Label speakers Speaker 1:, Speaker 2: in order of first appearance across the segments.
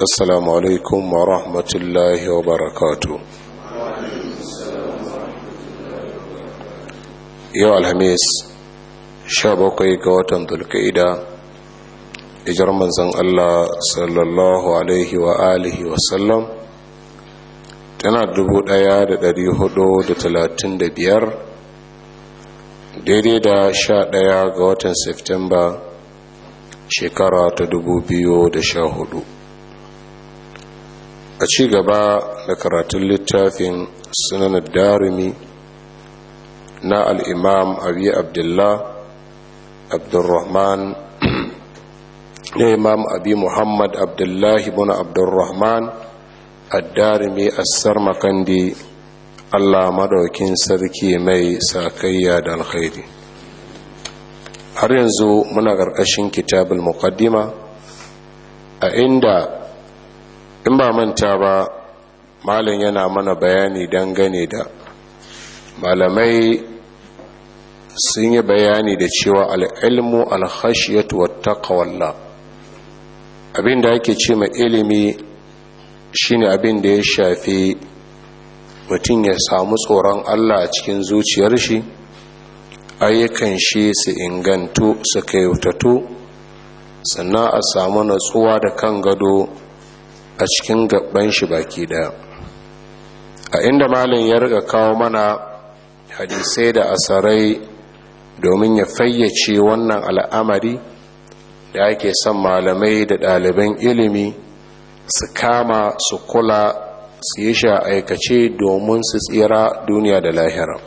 Speaker 1: assalamu alaikum wa rahmatullahi wa barakatu yau alhamis sha bakwai ga watan dulka'ida ijar manzan allah sallallahu alaihi wa da talatin da biyar daidai da sha ɗaya ga watan Septemba shekara ta dubu biyu da sha hudu. a ci gaba da karatun littafin sunanar darimi na al'imam abi abdullah abdurrahman na imam abi muhammad abdullahi a abdurrahman addarimi assar makandi allah madaukin sarki mai sakayya da alkhairi har yanzu muna ƙarƙashin kitabul muqaddima a inda in ba manta ba malin yana mana bayani dangane da malamai sun yi bayani da cewa al'ilmu alhashiyatu wata kawalla Abin abinda ake ce mai ilimi shine abin da ya shafi mutum ya samu tsoron allah a cikin zuciyar shi ayyukan shi su ingantu su kyautatu sannan a samu natsuwa da kan gado a cikin gaban shi baki daya a inda malin ya riga kawo mana hadisai da asarai domin ya fayyace wannan al'amari da ake son malamai da ɗaliban ilimi su kama su kula su yi sha aikace domin su tsira duniya da lahira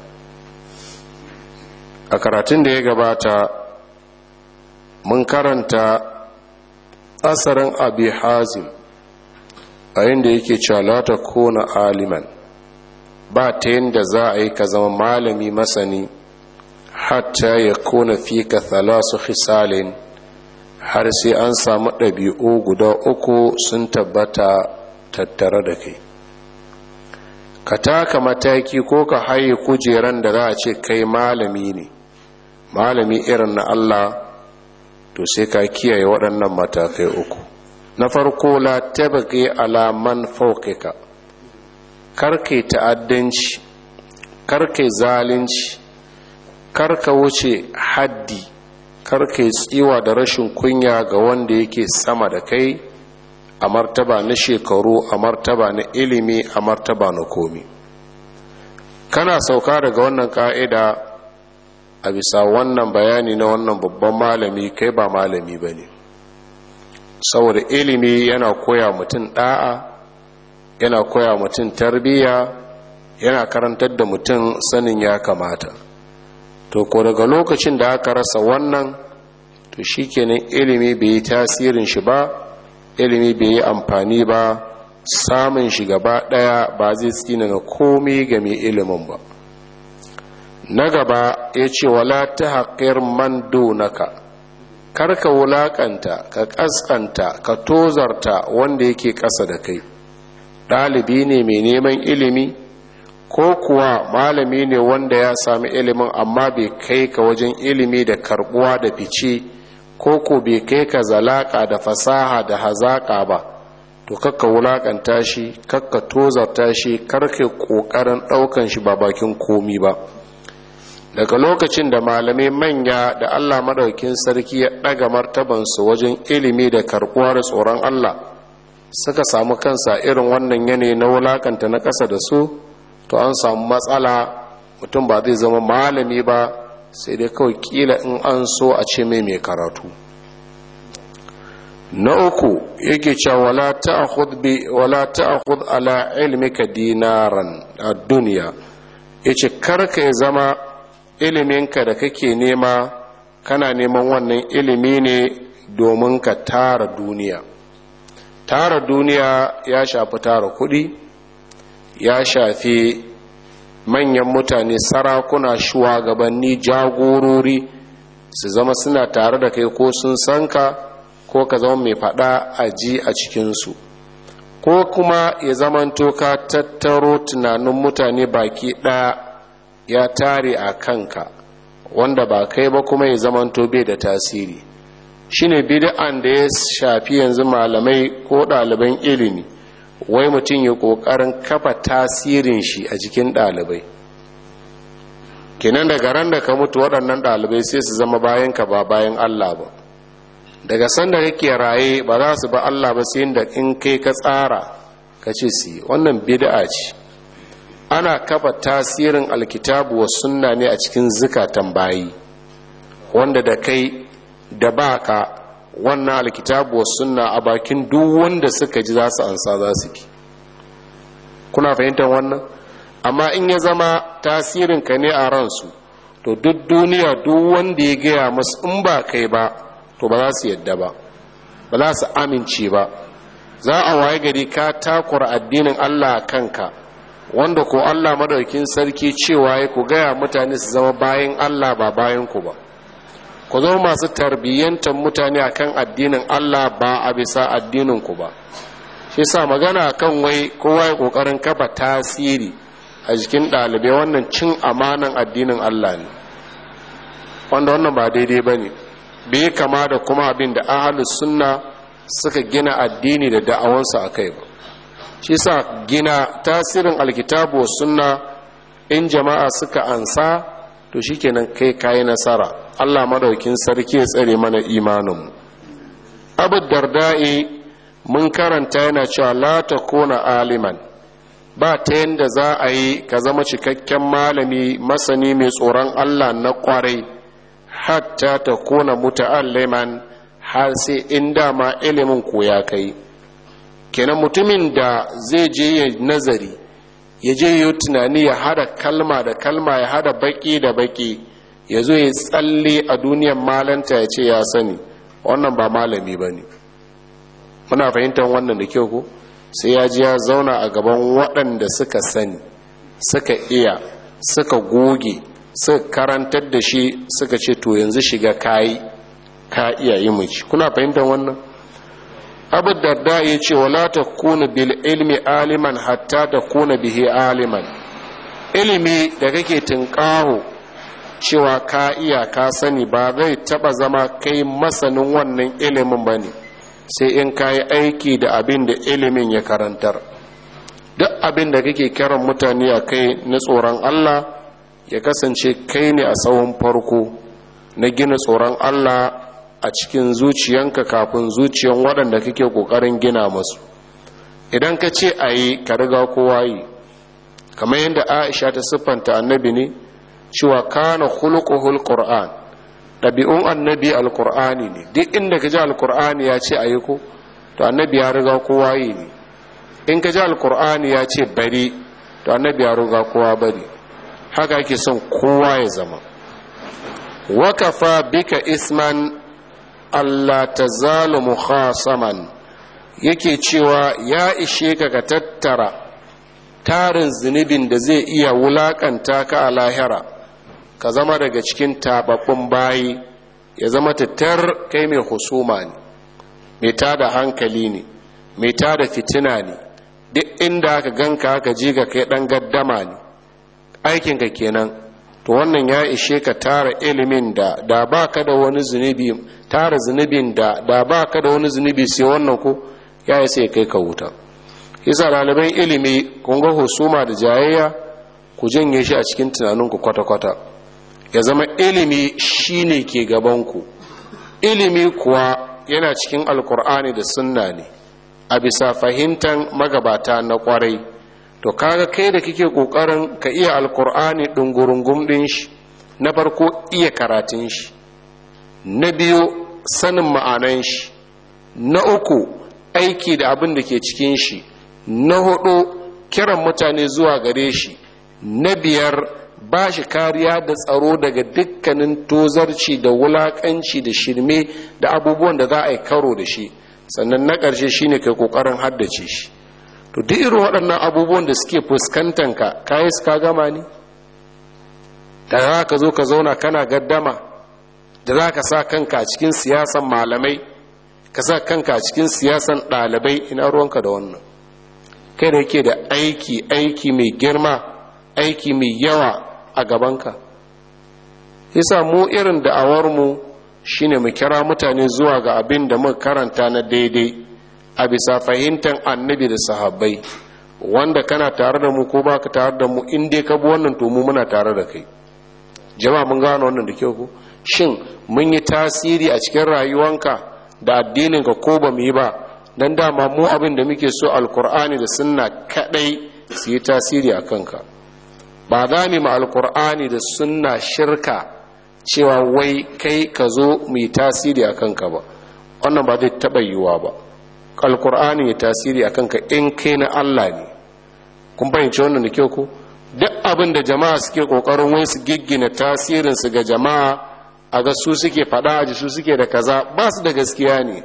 Speaker 1: a karatun da ya gabata mun karanta asarin abi hazim a yadda yake calata kona aliman ba ta yadda za a yi ka zama malami masani hatta ya kona fi ka thalasu hisalin har sai an samu ɗabi'u guda uku sun tabbata tattare da kai ka taka mataki ko ka haye kujeran da za a ce kai malami ne malami irin na Allah to sai ka kiyaye waɗannan matakai uku na farko la alaman ala man fawqika karke ta'addanci karke zalunci karka wuce haddi karke tsiwa da rashin kunya ga wanda yake sama da kai a martaba na shekaru a martaba na ilimi a martaba na komi kana sauka daga wannan ka'ida a bisa wannan bayani na wannan babban malami kai ba malami ba ne saboda ilimi yana koya mutum da'a yana koya mutum tarbiyya yana karantar da mutum sanin ya kamata to ko daga lokacin da aka rasa wannan to shikenan ilimi bai yi tasirin shi ba ilimi bai yi amfani ba samun shi gaba daya ba zai tsina na komai ga mai ilimin ba na gaba ya ce wala ta haƙƙiyar man donaka karka wulaƙanta ka ƙasƙanta ka tozarta wanda yake ƙasa da kai ɗalibi ne mai neman ilimi ko kuwa malami ne wanda ya sami ilimin amma bai kai ka wajen ilimi da karbuwa da fice ko ku bai kai ka zalaƙa da fasaha da hazaƙa ba to kakka wulaƙanta shi kakka tozarta shi karka ƙoƙarin ɗaukan shi ba bakin komi ba daga lokacin da malamai manya da Allah Maɗaukin sarki ya daga martabansu wajen ilimi da karbuwa da tsoron Allah suka samu kansa irin wannan yanayi na wulakanta na ƙasa da su to an samu matsala mutum ba zai zama malami ba sai dai kawai kila in an so a ce mai mai karatu na uku yake cewa wala ta'khud bi wala ta'khud ala ilmika dinaran ad-dunya yace karka ya zama iliminka da kake nema kana neman wannan ilimi ne domin ka tara duniya tara duniya ya shafi tara kuɗi ya shafi manyan mutane sarakuna shugabanni jagorori su zama suna tare da kai ko sun san ka ko ka zama mai faɗa a ji a cikinsu ko kuma ya zamanto ka tattaro tunanin mutane baki ɗaya ya tare a kanka wanda ba kai ba kuma ya zamanto bai da tasiri shine bid'an da ya shafi yanzu malamai ko ɗaliban ilimi wai mutum ya ƙoƙarin kafa tasirin shi a jikin ɗalibai kenan daga ran da ka mutu waɗannan ɗalibai sai su zama bayan ka ba bayan allah ba daga sanda kake raye ba za su ba allah ba sai da in kai ka tsara ka ce su yi wannan bid'a ce ana kafa tasirin alkitabu wa sunna ne a cikin zukatan bayi wanda da kai da baka wannan alkitabu wa sunna a bakin duk wanda suka ji za su ansa za su ki kuna fahimtar wannan amma in ya zama tasirin ka ne a ransu to duk duniya duk wanda ya gaya masu in ba kai ba to ba za su yadda ba ba za su amince ba za a waye gari ka takura addinin allah kanka wanda ko Allah madaukin sarki cewa ya ku gaya mutane su zama bayan Allah ba bayan ku ba ku zama masu tarbiyyantar mutane akan addinin Allah ba a bisa addinin ku ba shi sa magana kan wai kowa ya kokarin kafa tasiri a jikin ɗalibai wannan cin amanan addinin Allah ne wanda wannan ba daidai ba ne bai kama da kuma abin da ahalus sunna suka gina addini da da'awansu a kai ba shi sa gina tasirin alkitabu wa sunna in jama'a suka ansa to shikenan kai kayi nasara Allah madaukin sarki ya tsare mana imaninmu abu darda'i mun karanta yana cewa la kona aliman ba ta yadda za a yi ka zama cikakken malami masani mai tsoron Allah na kwarai hatta ta kona muta'alliman har sai in dama ilimin ko ya kai kenan mutumin da zai je ya nazari ya je yi tunani ya hada kalma da kalma ya hada baki da baki ya zo ya tsalle a duniyar malanta ya ce ya sani wannan ba malami ba ne muna fahimtar wannan da kyau ko sai ya ji ya zauna a gaban waɗanda suka sani suka iya suka goge suka karantar da shi suka ce to yanzu shiga kayi ka iya yi mace kuna fahimtar wannan abu darda ya ce wala ta kuna bil ilmi aliman hatta ta kuna bihi aliman ilimi da kake tunƙaho cewa ka iya ka sani ba zai taɓa zama kai masanin wannan ilimin ba ne sai in ka yi aiki da abin da ilimin ya karantar duk abin da kake kiran mutane a kai na tsoron allah ya kasance kai ne a tsawon farko na gina tsoron allah a cikin zuciyanka kafin zuciyan waɗanda kake ƙoƙarin gina masu idan ka ce a yi ka riga kowa yi kamar yadda aisha ta siffanta annabi ne cewa kana hulƙuhul ƙur'an ɗabi'un annabi alƙur'ani ne duk inda ka ji alƙur'ani ya ce a yi ko to annabi ya riga kowa yi ne in ka ji alƙur'ani ya ce bari to annabi ya riga kowa bari haka ake son kowa ya zama wakafa bika isman Allah ta zalu muhasaman yake cewa ya ishe ka ka tattara tarin zunubin da zai iya wulakanta ka a lahira ka zama daga cikin tababbun bayi ya zama tattar kai mai husuma ne mai tada hankali ne mai tada fitina ne duk inda aka ganka ka ji ga kai dan gaddama ne aikinka kenan to wannan ya ishe ka tara ilimin da da ba ka da wani zunubi tara zunubin da da ba ka da wani zunubi sai wannan ko ya yi ya kai ka wuta yasa ɗaliban ilimi kun ga husuma da jayayya ku janye shi a cikin tunaninku kwata-kwata ya zama ilimi shine ke gabanku ilimi kuwa yana cikin alkur'ani da sunna ne a bisa fahimtar magabata na kwarai to kaga kai da kike kokarin ka iya alkur'ani dungurungum din shi na farko iya karatun shi na biyu sanin ma'anan shi na uku aiki da abin da ke cikin shi na hudu kiran mutane zuwa gare shi na biyar ba shi kariya da tsaro daga dukkanin tozarci da wulakanci da shirme da abubuwan da za a yi karo da shi sannan na ƙarshe shine kai kokarin haddace shi to duk irin waɗannan abubuwan da suke fuskantar ka kayi su ka gama ne da za ka zo ka zauna kana gaddama da za ka sa kanka a cikin siyasan malamai ka sa kanka a cikin siyasan ɗalibai ina ruwanka da wannan kai da yake da aiki aiki mai girma aiki mai yawa a gabanka yasa mu irin da'awarmu shine mu kira mutane zuwa ga abin da muka karanta na daidai a bisa fahimtar annabi da sahabbai wanda kana tare da mu ko ba ka tare da mu in dai ka bi wannan to mu muna tare da kai jama mun gano wannan da kyau ko shin mun yi tasiri a cikin rayuwanka da addininka ko ba mu yi ba don dama mu abin da muke so alkur'ani da sunna kadai su yi tasiri a kanka ba za mu ma alkur'ani da sunna shirka cewa wai kai ka zo mu yi tasiri a kanka ba wannan ba zai taɓa yiwuwa ba alkur'ani ya tasiri a kanka in kai na allah ne kun fahimci wannan da kyau ko duk abin da jama'a suke kokarin wai su giggina tasirin su ga jama'a a ga su suke faɗa a su suke da kaza ba su da gaskiya ne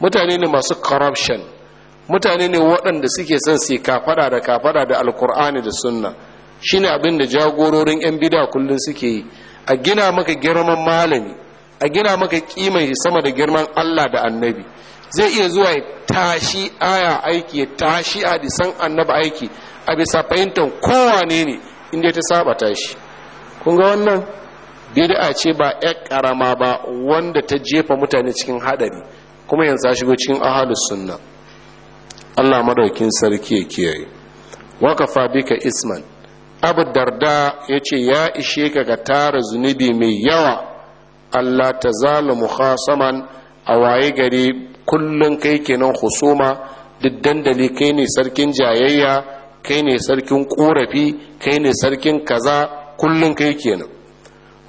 Speaker 1: mutane ne masu corruption mutane ne waɗanda suke son su kafaɗa da kafaɗa da alkur'ani da sunna shine abin da jagororin yan bida kullum suke yi a gina maka girman malami a gina maka kiman sama da girman allah da annabi zai iya zuwa ya tashi aya aiki ya tashi a disan annaba aiki a bisa fahimtar kowane ne inda ta saba tashi kun ga wannan bid'a ce ba yar karama ba wanda ta jefa mutane cikin hadari kuma yanzu a shigo cikin ahalus sunna Allah madaukin sarki ya kiyaye wakafa bika isman abu darda ya ce ya ishe ka ga tara zunubi mai yawa Allah ta zala khasaman a waye gari kullum kai kenan husuma duk dandali kai ne sarkin jayayya kai ne sarkin korafi kai ne sarkin kaza kullum kai kenan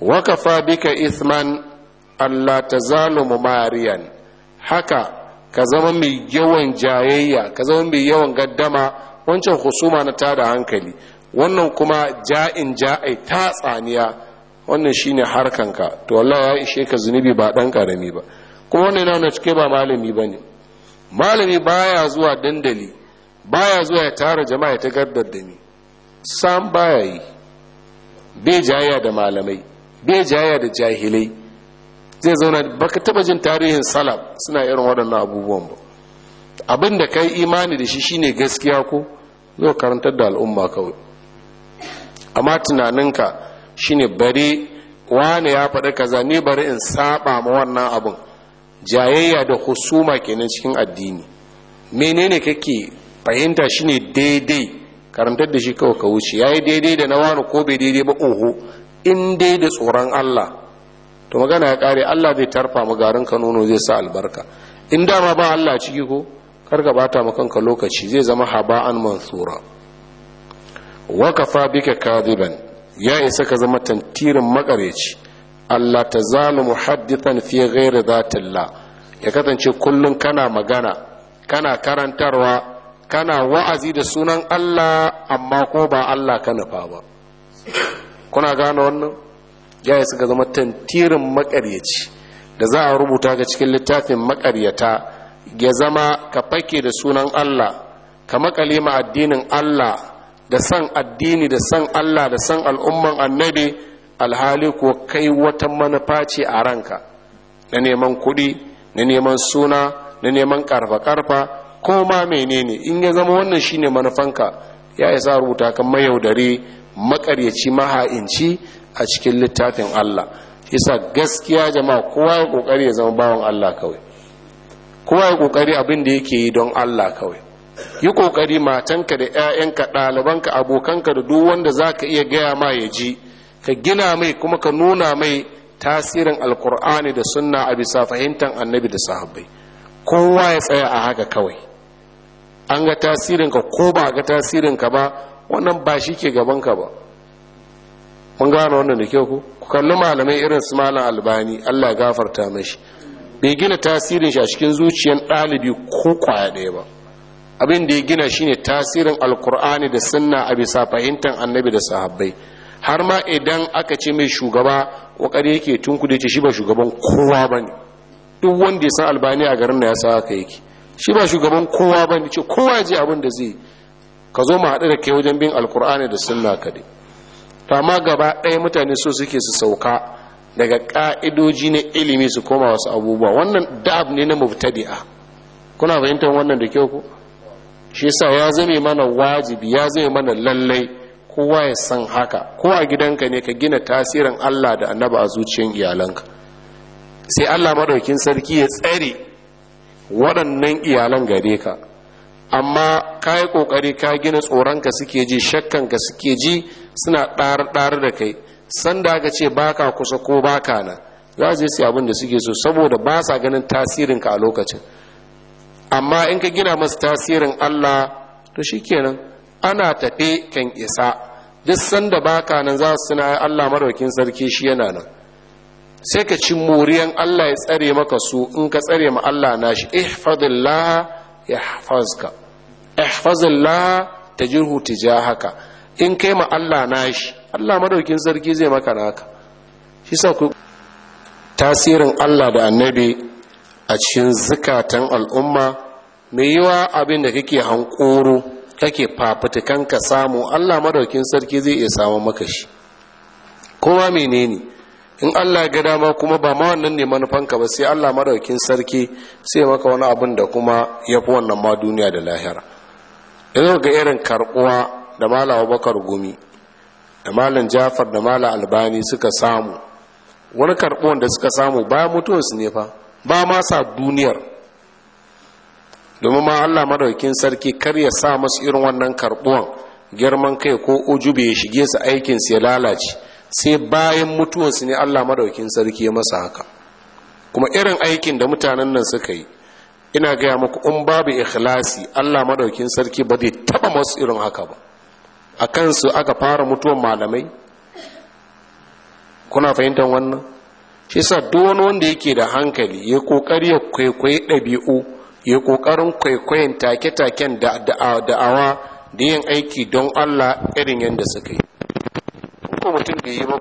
Speaker 1: wakafa bika Isman allah ta zalumu mariyan haka ka zama mai yawan jayayya ka zama mai yawan gaddama wancan husuma na ta da hankali wannan kuma ja'in ja'ai ta tsaniya wannan shine harkanka to Allah ya ishe ka zunubi ba dan karami ba ko na na cike ba malami ba ne malami baya zuwa dandali baya zuwa ya tara jama'a ya tagardar da ni sam baya yi bai jaya da malamai bai jaya da jahilai zai zauna baka taba jin tarihin salaf suna irin waɗannan abubuwan ba abin da kai imani da shi shine gaskiya ko zo karantar da al'umma kawai amma tunaninka shine bare wane ya faɗi kaza ni bari in saba ma wannan abin jayayya da husuma kenan cikin addini menene kake fahimta shine daidai karantar da shi kawai ka wuce yayi daidai da na wani ko bai daidai ba oho in dai da tsoron Allah to magana ya kare Allah zai tarfa mu garin ka nono zai sa albarka in dama ba Allah ciki ko kar ka bata maka kanka lokaci zai zama haba'an mansura wa kafa bika kadiban ya isa ka zama tantirin makareci Allah ta zalu muhaddithan fi ghairi zatillah ya kasance kullum kana magana kana karantarwa kana wa'azi da sunan Allah amma ko ba Allah ka nufa ba kuna gane wannan ya suka zama tantirin makaryaci da za a rubuta ga cikin littafin makaryata ya zama ka fake da sunan Allah ka makale ma addinin Allah da san addini da san Allah da san al'umman annabi alhali ko kai wata manufa ce a ranka na neman kuɗi na neman suna na neman karfa-karfa ko ma menene in ya zama wannan shine manufanka ya isa rubuta kan mayaudari makaryaci maha'inci a cikin littafin Allah isa gaskiya jama'a kowa ya kokari ya zama bawan Allah kawai kowa ya kokari abin da yake yi don Allah kawai yi kokari matanka da 'ya'yanka ɗalibanka abokanka da duk wanda za ka iya gaya ma ya ji ka gina mai kuma ka nuna mai tasirin alkur'ani da sunna a bisa fahimtar annabi da sahabbai kowa ya tsaya a haka kawai an ga tasirinka ko ba ga tasirinka ba wannan ba shi ke gabanka ba mun gano wannan da kyau ku malamai irin su malam albani allah ya gafarta mashi bai gina tasirin shi a cikin zuciyar ɗalibi ko kwaya ɗaya ba abin da ya gina shine tasirin alkur'ani da sunna a bisa fahimtar annabi da sahabbai har ma idan aka ce mai shugaba wakari yake kudu ce shi ba shugaban kowa ba ne duk wanda ya san albani a garin na ya sa haka yake shi ba shugaban kowa ne ce kowa ji abin da zai ka zo mu haɗu da kai wajen bin alkur'ani da sunna ka dai to ma gaba ɗaya mutane so suke su sauka daga ƙa'idoji na ilimi su koma wasu abubuwa wannan da'ab ne na mubtadi'a kuna fahimtar wannan da kyau ko shi yasa ya zame mana wajibi ya zame mana lallai kowa ya san haka kowa gidanka ne ka gina tasirin Allah da annaba a zuciyar iyalanka sai Allah maɗaukin sarki ya tsare waɗannan iyalan gare ka amma ka yi ƙoƙari ka gina tsoronka suke ji shakkanka suke ji suna ɗar-ɗar da kai sanda aka ce baka kusa ko baka na za su yi abin da suke so saboda ba sa ganin ka a lokacin amma in ka gina masu tasirin Allah to kenan. ana tafe kan isa duk sanda baka nan za su na Allah maraukin sarki shi yana nan sai ka ci muriyan Allah ya tsare maka su in ka tsare ma Allah na shi ihfazillah yahfazka ihfazillah tajruhu tijahaka in kai ma Allah na shi Allah madaukin sarki zai maka naka shi sa ku tasirin Allah da annabi a cikin zukatan al'umma mai yiwa abin da kake hankoro kake fafutukan ka samu Allah madaukin sarki zai iya samu maka shi kowa menene in Allah ga dama kuma ba ma wannan ne manufanka ba sai Allah madaukin sarki sai maka wani abin da kuma ya fi wannan ma duniya da lahira yanzu ga irin karbuwa da malam Abubakar Gumi da malam Jafar da malam Albani suka samu wani karbuwan da suka samu bayan mutuwarsu ne fa ba ma sa duniyar domin ma Allah madaukin sarki kar ya sa masu irin wannan karbuwan girman kai ko ujube ya shige su aikin su ya lalace sai bayan mutuwan su ne Allah madaukin sarki ya masa haka kuma irin aikin da mutanen nan suka yi ina gaya muku in babu ikhlasi Allah madaukin sarki ba zai taba masu irin haka ba a kansu aka fara mutuwan malamai kuna fahimtar wannan shi sa duk wanda yake da hankali ya kokari ya kwaikwayi ɗabi'u ya ƙoƙarin kwaikwayon take-taken da da'awa da yin aiki don allah irin yadda suka yi ko mutum bai yi ba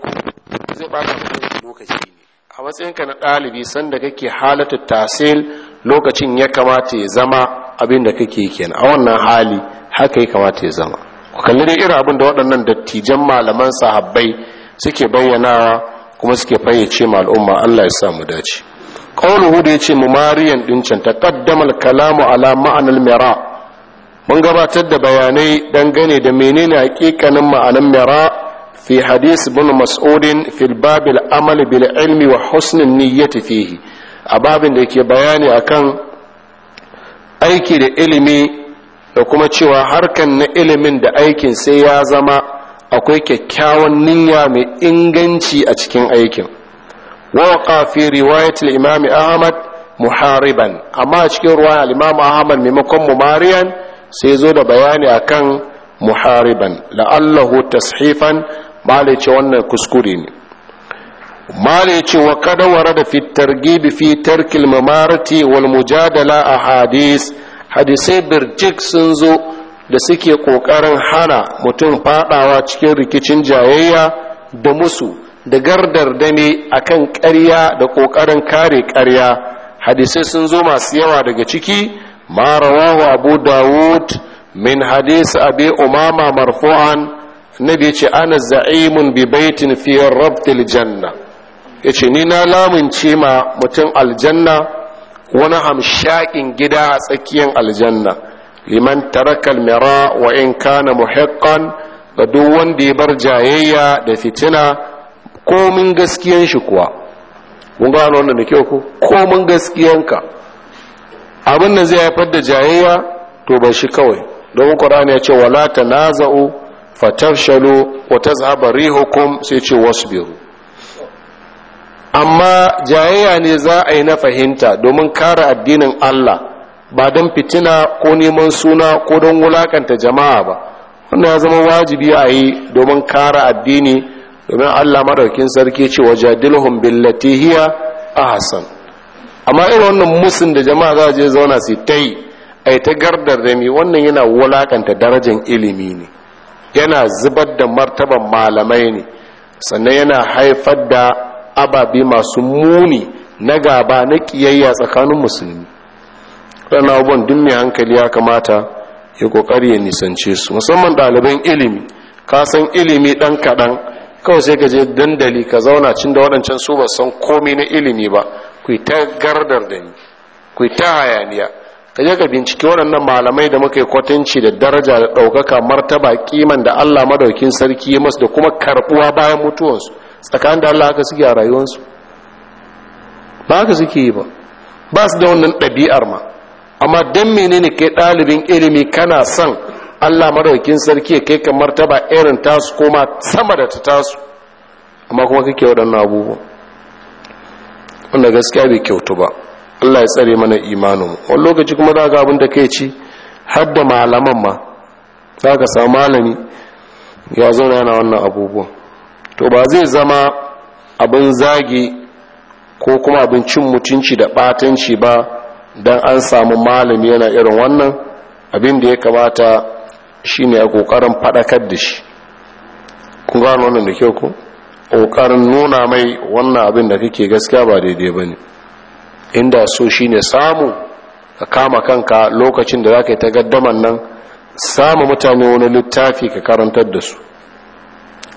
Speaker 1: ku zai ɓata mutum lokaci ne a matsayinka na ɗalibi sanda kake halatta tasil lokacin ya kamata ya zama abin da kake kenan a wannan hali haka ya kamata ya zama kalli dai irin abin da waɗannan dattijan malaman sahabbai suke bayyanawa kuma suke fayyace ma al'umma Allah ya sa mu dace qawluhu da yace mumariyan din can taqaddama al-kalamu ala ma'anar mira mun gabatar da bayanai dangane da menene hakikanin ma'anan mira fi hadis ibn mas'ud fi al-bab al-amal bil ilmi wa husn an-niyyati fihi a babin da yake bayani akan aiki da ilimi da kuma cewa harkan na ilimin da aikin sai ya zama akwai kyakkyawan niyya mai inganci a cikin aikin waqa fi riwayat al-imam ahmad muhariban amma a cikin ruwa al-imam ahmad maimakon mumariyan sai zo da bayani akan muhariban la'allahu tashifan malai ce wannan kuskure ne malai ce wa kada warada fi targhib fi tarkil mamarati wal mujadala a hadis hadisai birjik sun zo da suke kokarin hana mutum fadawa cikin rikicin jayayya da musu da gardar a kan ƙarya da ƙoƙarin kare ƙarya hadisai sun zo masu yawa daga ciki marawa wa abu dawud min hadis abi umama marfu'an nabi ce ana za'imun bi baitin fi rabtil janna yace ni na lamunce ma mutum aljanna wani hamshakin gida a tsakiyar aljanna liman tarakal mira wa in kana muhiqqan ga duk wanda ya bar jayayya da fitina komin gaskiyan shi kuwa mun gano wannan da kyau ko komin gaskiyanka abin da zai haifar da jayayya to ba shi kawai domin qur'ani ya ce wala tanaza'u fatafshalu wa tazhaba rihukum sai ce wasbiru amma jayayya ne za a yi na fahimta domin kare addinin Allah ba don fitina ko neman suna ko don wulakanta jama'a ba wannan ya zama wajibi a yi domin kare addini domin Allah madaukin sarki ce wajadilhum billati hiya ahsan amma irin wannan musun da jama'a za je zauna su tai ai ta gardar da wannan yana wulakanta darajar ilimi ne yana zubar da martaban malamai ne sannan yana haifar da ababe masu muni na gaba na kiyayya tsakanin musulmi ɗan abubuwan duk mai hankali ya kamata ya ƙoƙari ya nisance su musamman ɗaliban ilimi ka san ilimi ɗan kaɗan kawai sai ka je dandali ka zauna cin da waɗancan su ba san komai na ilimi ba ku yi ta gardar da ni ku yi ta hayaniya ka je ka binciki waɗannan malamai da muka yi kwatanci da daraja da ɗaukaka martaba kiman da allah madaukin sarki ya masu da kuma karɓuwa bayan mutuwansu tsakanin da allah haka suke a rayuwarsu ba haka suke yi ba ba su da wannan ɗabi'ar ma amma don menene ke ɗalibin ilimi kana son Allah madaukin sarki ya kai kamar martaba irin tasu koma sama da ta tasu amma kuma kake waɗannan abubu. wanda gaskiya bai kyautu ba Allah ya tsare mana imanin wani lokaci kuma za ga abin da kai ci har da malaman ma za ka samu malami ya zauna yana wannan abubuwan. to ba zai zama abin zagi ko kuma abin cin mutunci da ɓatanci ba dan an samu malami yana irin wannan abin da ya kamata Shi ne a kokarin fadakar da shi kun gano wannan da kyau ku kokarin nuna mai wannan abin da kake gaskiya ba daidai ba bane inda so shi ne samu ka kama kanka lokacin da zaka yi ta gaddaman nan samu mutane wani littafi ka karantar da su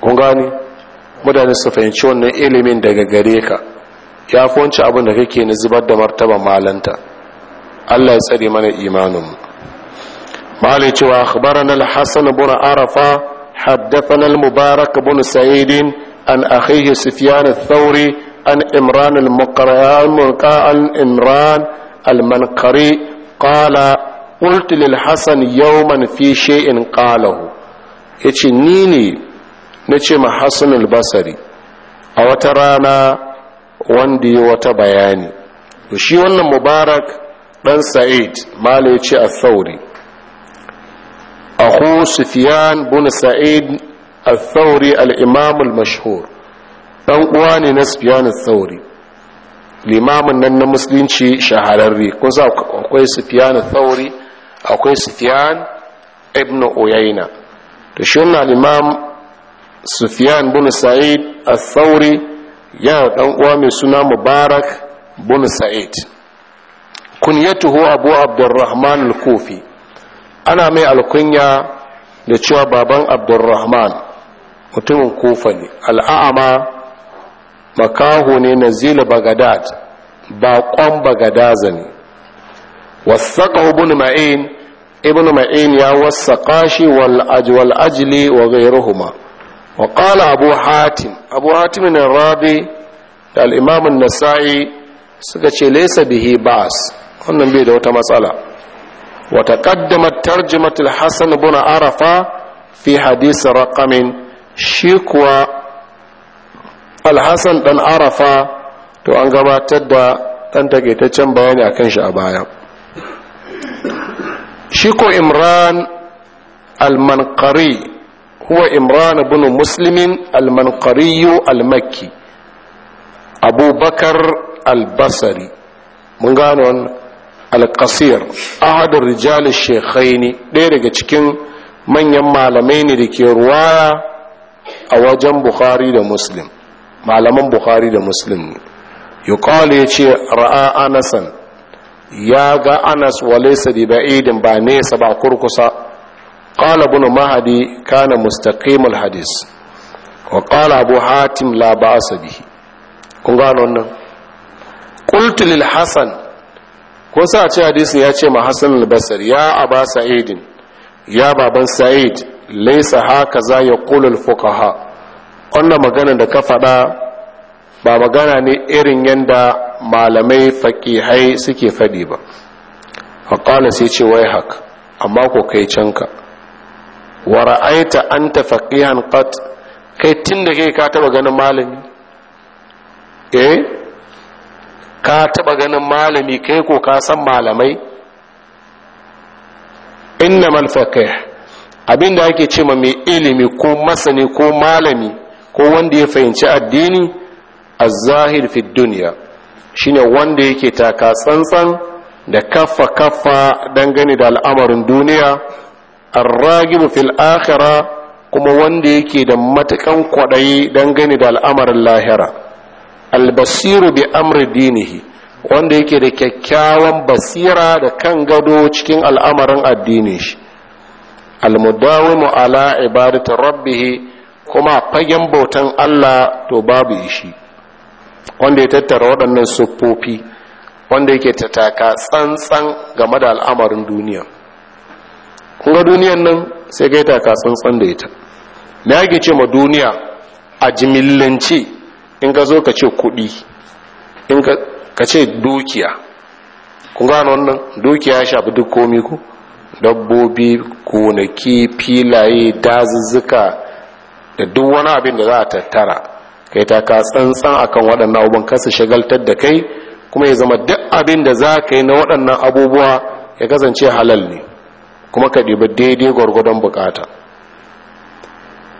Speaker 1: kun gane mutane su fahimci wannan ilimin daga gare ka ya fi wancan abin da kake na zubar da martaba malanta Allah ya tsare mana imaninmu malai cewa akhbarana al-hasan ibn arafa haddathana al-mubarak ibn sa'id an akhihi sufyan ath-thawri an imran al-muqran an imran al-manqari qala قلت للحسن يوما في شيء قاله yace ni ne na ce ma hassan albasari a wata rana wanda ya wata bayani shi wannan mubarak dan sa'id mala ya a sauri أخو سفيان بن سعيد الثوري الإمام المشهور ɗan'uwa na Sufyan al limamin nan na musulunci shahararre kun sa akwai Sufyan al-Thawri akwai Sufyan ibn Uyayna to shi wannan limam Sufyan bin Sa'id al-Thawri yana dan uwa mai suna Mubarak bin Sa'id kunyatuhu Abu Abdurrahman al Kofi. ana mai alkunya da cewa baban abdurrahman mutumin kofani, ne al'a'ama makaho ne na zila bagadad baƙon bagadaza ne wasaƙa ibn ma'in ibn ma'in ya wasaƙa shi wal ajli wa ghairuhuma wa qala abu hatim abu hatim ne rabi da al'imamin nasai suka ce laysa bihi ba'as wannan bai da wata matsala وتقدمت ترجمة الحسن بن عرفة في حديث رقم شيكوا الحسن بن عرفة to an gabatar da ɗan takaitaccen bayani a kan shi a baya shi ko imran almankari huwa imran bin muslimin almankariyu almakki abubakar albasari mun gano alkasir ahadar rijali shekhai ne ɗaya daga cikin manyan malamai ne da ke ruwaya a wajen bukhari da muslim malaman bukhari da muslim ne yuqal ya ra'a anasan ya ga anas walaisa di ba'idin ba nesa ba kurkusa qala ibn mahdi kana mustaqimul hadis wa qala abu hatim la ba'sa bihi kun gano wannan qultu lil hasan ko sa a ce hadisin ya ce ma hassan albasar ya aba sa'idin ya baban sa'id laisa haka za ya kulul fukaha wannan magana da ka faɗa ba magana ne irin yadda malamai faƙihai suke faɗi ba faƙala sai ce wai haka amma ko kai canka wa ra'aita anta faqihan qat kai tunda kai ka taba ganin malami eh ka taba ganin malami kai ko ka san malamai inna faqih abinda ake ce ma mai ilimi ko masani ko malami ko wanda ya fahimci addini az-zahir fi dunya shine wanda yake taka tsantsan da kaffa kaffa dangane da al'amarin duniya ar-ragibu fil akhirah kuma wanda yake da matukan kwaɗayi dangane da al'amarin lahira albasiru bi amri dinihi wanda yake da kyakkyawan basira da kan gado cikin al'amarin addinin shi almudawimu ala ibadati rabbih kuma fagen bautan Allah to babu shi wanda ya tattara waɗannan siffofi wanda yake tataka tsantsan game da al'amarin duniya kuma duniyan nan sai ga taka tsantsan da ita na yake ce ma duniya a jimillance in ka zo ka ce kuɗi in ka ce dukiya ku gano wannan dukiya ya shafi duk komi ku dabbobi konaki filaye dazuzzuka da duk wani abin da za a tattara kai ta ka tsantsan akan waɗannan abubuwan kasa shagaltar da kai kuma ya zama duk abin da za ka yi na waɗannan abubuwa ya kasance halal ne kuma ka ɗiba daidai gwargwadon bukata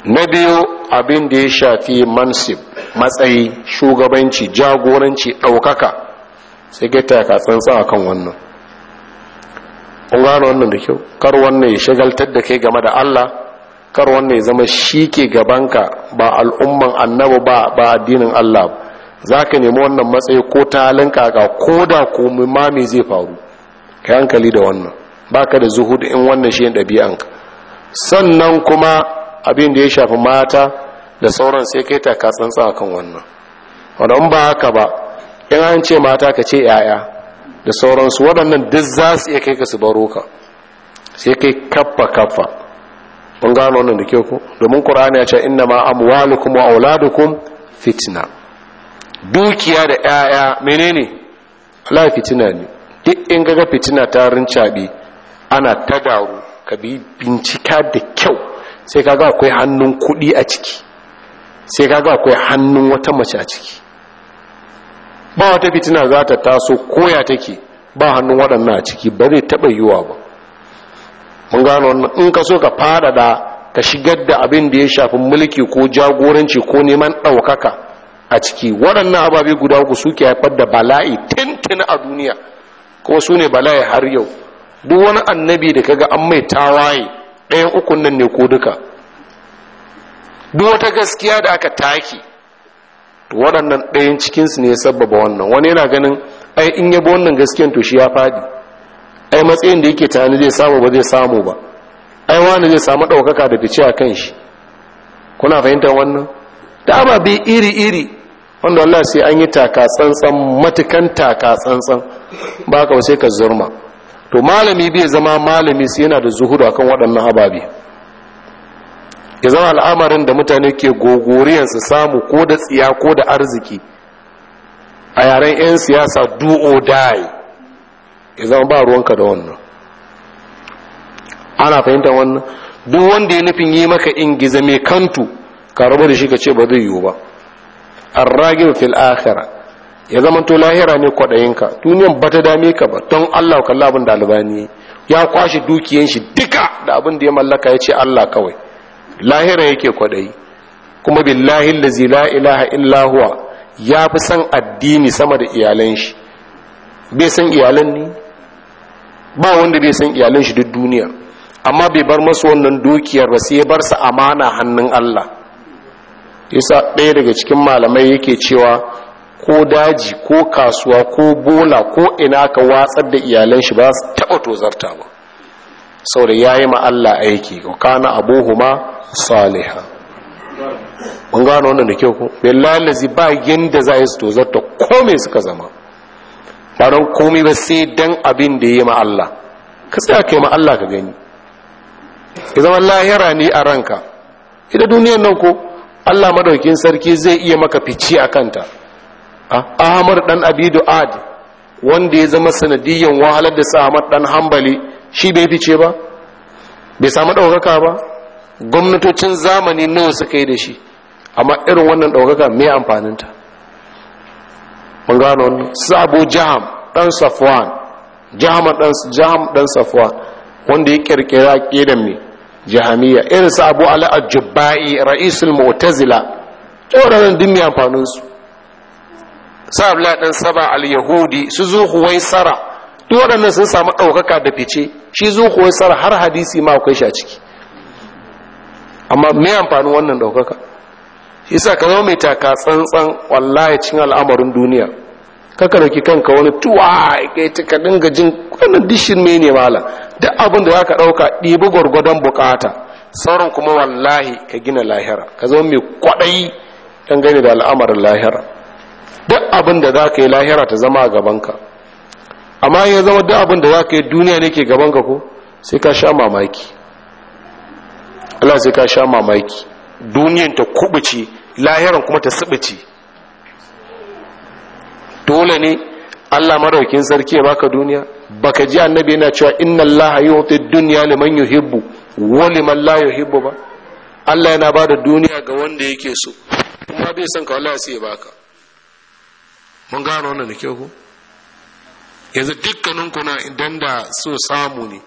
Speaker 1: na biyu abin da ya shafi mansib matsayi shugabanci jagoranci ɗaukaka sai ka taka tsantsa a kan wannan kun gano wannan da kyau kar wannan ya shagaltar da kai game da allah kar wannan ya zama shi ke gabanka ba al'umman annabi ba ba addinin allah za ka nemi wannan matsayi ko ta halinka ko da komai ma me zai faru ka hankali da wannan baka da zuhudu in wannan shi ɗabi'anka sannan kuma abin da ya shafi mata da sauran sai kai ta ka tsantsa kan wannan wadon ba haka ba in an ce mata ka ce yaya da sauransu waɗannan duk za su iya kai ka su baro ka sai kai kaffa kaffa kun gano wannan da ke ku domin ƙur'ani ya ce inna ma amwalukum wa auladukum fitna dukiya da yaya menene la fitina ne duk in ga fitina ta rincabe ana ta daru ka bi bincika da kyau sai kaga akwai hannun kuɗi a ciki sai kaga akwai hannun wata mace a ciki ba wata fitina za ta taso koya take ba hannun waɗannan a ciki ba zai taɓa yiwuwa ba mun gano wannan in ka so ka faɗaɗa ka shigar da abin da ya shafi mulki ko jagoranci ko neman ɗaukaka a ciki waɗannan ababe guda uku suke haifar da bala'i tintin a duniya kuma su ne bala'i har yau duk wani annabi da kaga an mai tawaye ɗayan ukun nan ne ko duka duk wata gaskiya da aka taki waɗannan ɗayan cikinsu ne ya sabbaba wannan wani yana ganin ai in yabo wannan gaskiyan to shi ya fadi ai matsayin da yake tani zai samu ba zai samu ba ai wani zai samu ɗaukaka da fice a kan shi kuna fahimtar wannan da bi iri-iri wanda Allah sai an yi taka tsantsan matukan taka tsantsan ba ka sai ka zurma to malami bai zama malami sai yana da zuhudu akan waɗannan ababe ya zama al'amarin da mutane ke su samu ko da tsiya ko da arziki a yaren 'yan siyasa or die ya zama ba ruwanka da wannan ana fahimta wannan duk wanda ya nufin yi maka ingiza mai kantu ka rabu da shi ka ce ba zai yiwu ba arragin fil akhira ya zama to lahira ne kwaɗayinka duniyan ba ta dame ka ba don allah kalla abin da albani ya kwashe dukiyan shi duka da abin da ya mallaka ya ce allah kawai lahira yake kwaɗayi kuma billahi lazi la ilaha illa huwa ya fi san addini sama da iyalan shi bai san iyalan ne ba wanda bai san iyalan shi duk duniya amma bai bar masu wannan dukiyar ba sai bar sa amana hannun Allah yasa ɗaya daga cikin malamai yake cewa ko daji ko kasuwa ko bola ko ina ka watsar da iyalan shi ba su taɓa tozarta ba ya yayi ma Allah aiki kana huma saliha mun gano wannan da kyau ko billahi ba ginda za su tozar ta komai suka zama ba don komai ba sai dan abin da yi ma Allah ka tsaya kai ma Allah ka gani ya zama lahira ne a ranka ita duniyar nan ko Allah madaukin sarki zai iya maka fici a kanta ah, Ahmad dan Abidu Ad wanda ya zama sanadiyyan wahalar da samar ɗan dan Hambali shi bai fice ba bai samu ɗaukaka ba gwamnatocin zamani nawa suka yi da shi amma irin wannan ɗaukaka mai amfaninta mun gano wannan Sabu jaham ɗan safuwan, jaham ɗan jaham ɗan wanda ya kirkira ƙidan mai jihamiya, irin sabu abu ala ajba'i ra'isul mu'tazila tsoron din mai amfanin su ɗan saba al yahudi su zo huwai duk waɗannan sun samu ɗaukaka da fice shi huwai tsara, har hadisi ma akwai shi a ciki amma me amfanin wannan shi sa ka zama mai taka tsantsan wallahi cin al'amarin duniya kaka dauki kanka wani tuwa kai ka dinga jin wannan dishin mai ne mala duk abin da zaka ɗauka ɗibi gwargwadon bukata sauran kuma wallahi ka gina lahira ka zama mai kwaɗayi gani da al'amarin lahira duk abin da zaka yi lahira ta zama a gabanka amma ya zama duk abin da zaka yi duniya ne ke gabanka ko sai ka sha mamaki Allah sai ka sha mamaki duniyan ta kubuce lahiran kuma ta sibuce dole ne Allah maraukin sarki ya baka duniya baka ji annabi yana cewa inna Allah ad dunya liman yuhibbu wa liman la yuhibbu ba Allah yana bada duniya ga wanda yake so kuma bai san ka Allah sai ya baka mun gano wannan da kyau ko yanzu dukkanin kuna idan da so samu ne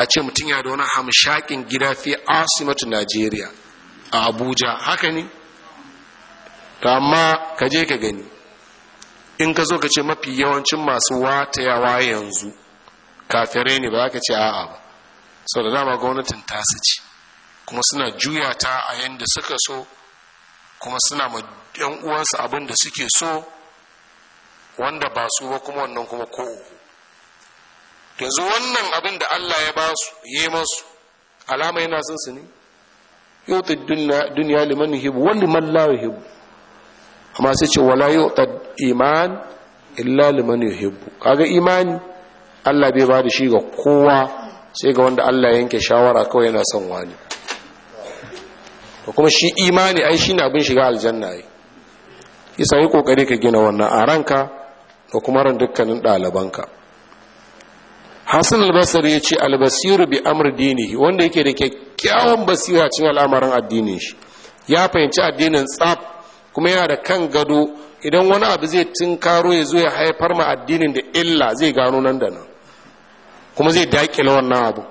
Speaker 1: a ce mutum ya da wani hamshakin gida fi asimatu najeriya a abuja haka ne ta amma ka je ka gani in ka zo ka ce mafi yawancin masu watayawa yanzu kafirai ne ba ka ce a'a ba sau da dama gwamnatin ta ce kuma suna juya ta a yadda suka so kuma suna ma yan uwansu abin da suke so wanda ba su ba kuma wannan kuma ko yanzu wannan abin da Allah ya ba su yi masu alama yana sun su ne yau ta duniya liman yuhibu wani man yuhibu amma sai ce wala yau ta iman illa liman yuhibu kaga imani Allah bai ba da shi ga kowa sai ga wanda Allah yanke shawara kawai yana son wani to kuma shi imani ai shine abin shiga aljanna yi. yasa yi kokari ka gina wannan a ranka da kuma ran dukkanin ɗalibanka hasan albasari ya ce albasiru bi amur dinihi wanda yake da kyakkyawan basira cikin al'amarin addinin shi ya fahimci addinin tsaf kuma yana da kan gado idan wani abu zai tunkaro ya zo ya haifar ma addinin da illa zai gano nan da nan kuma zai daƙile wannan abu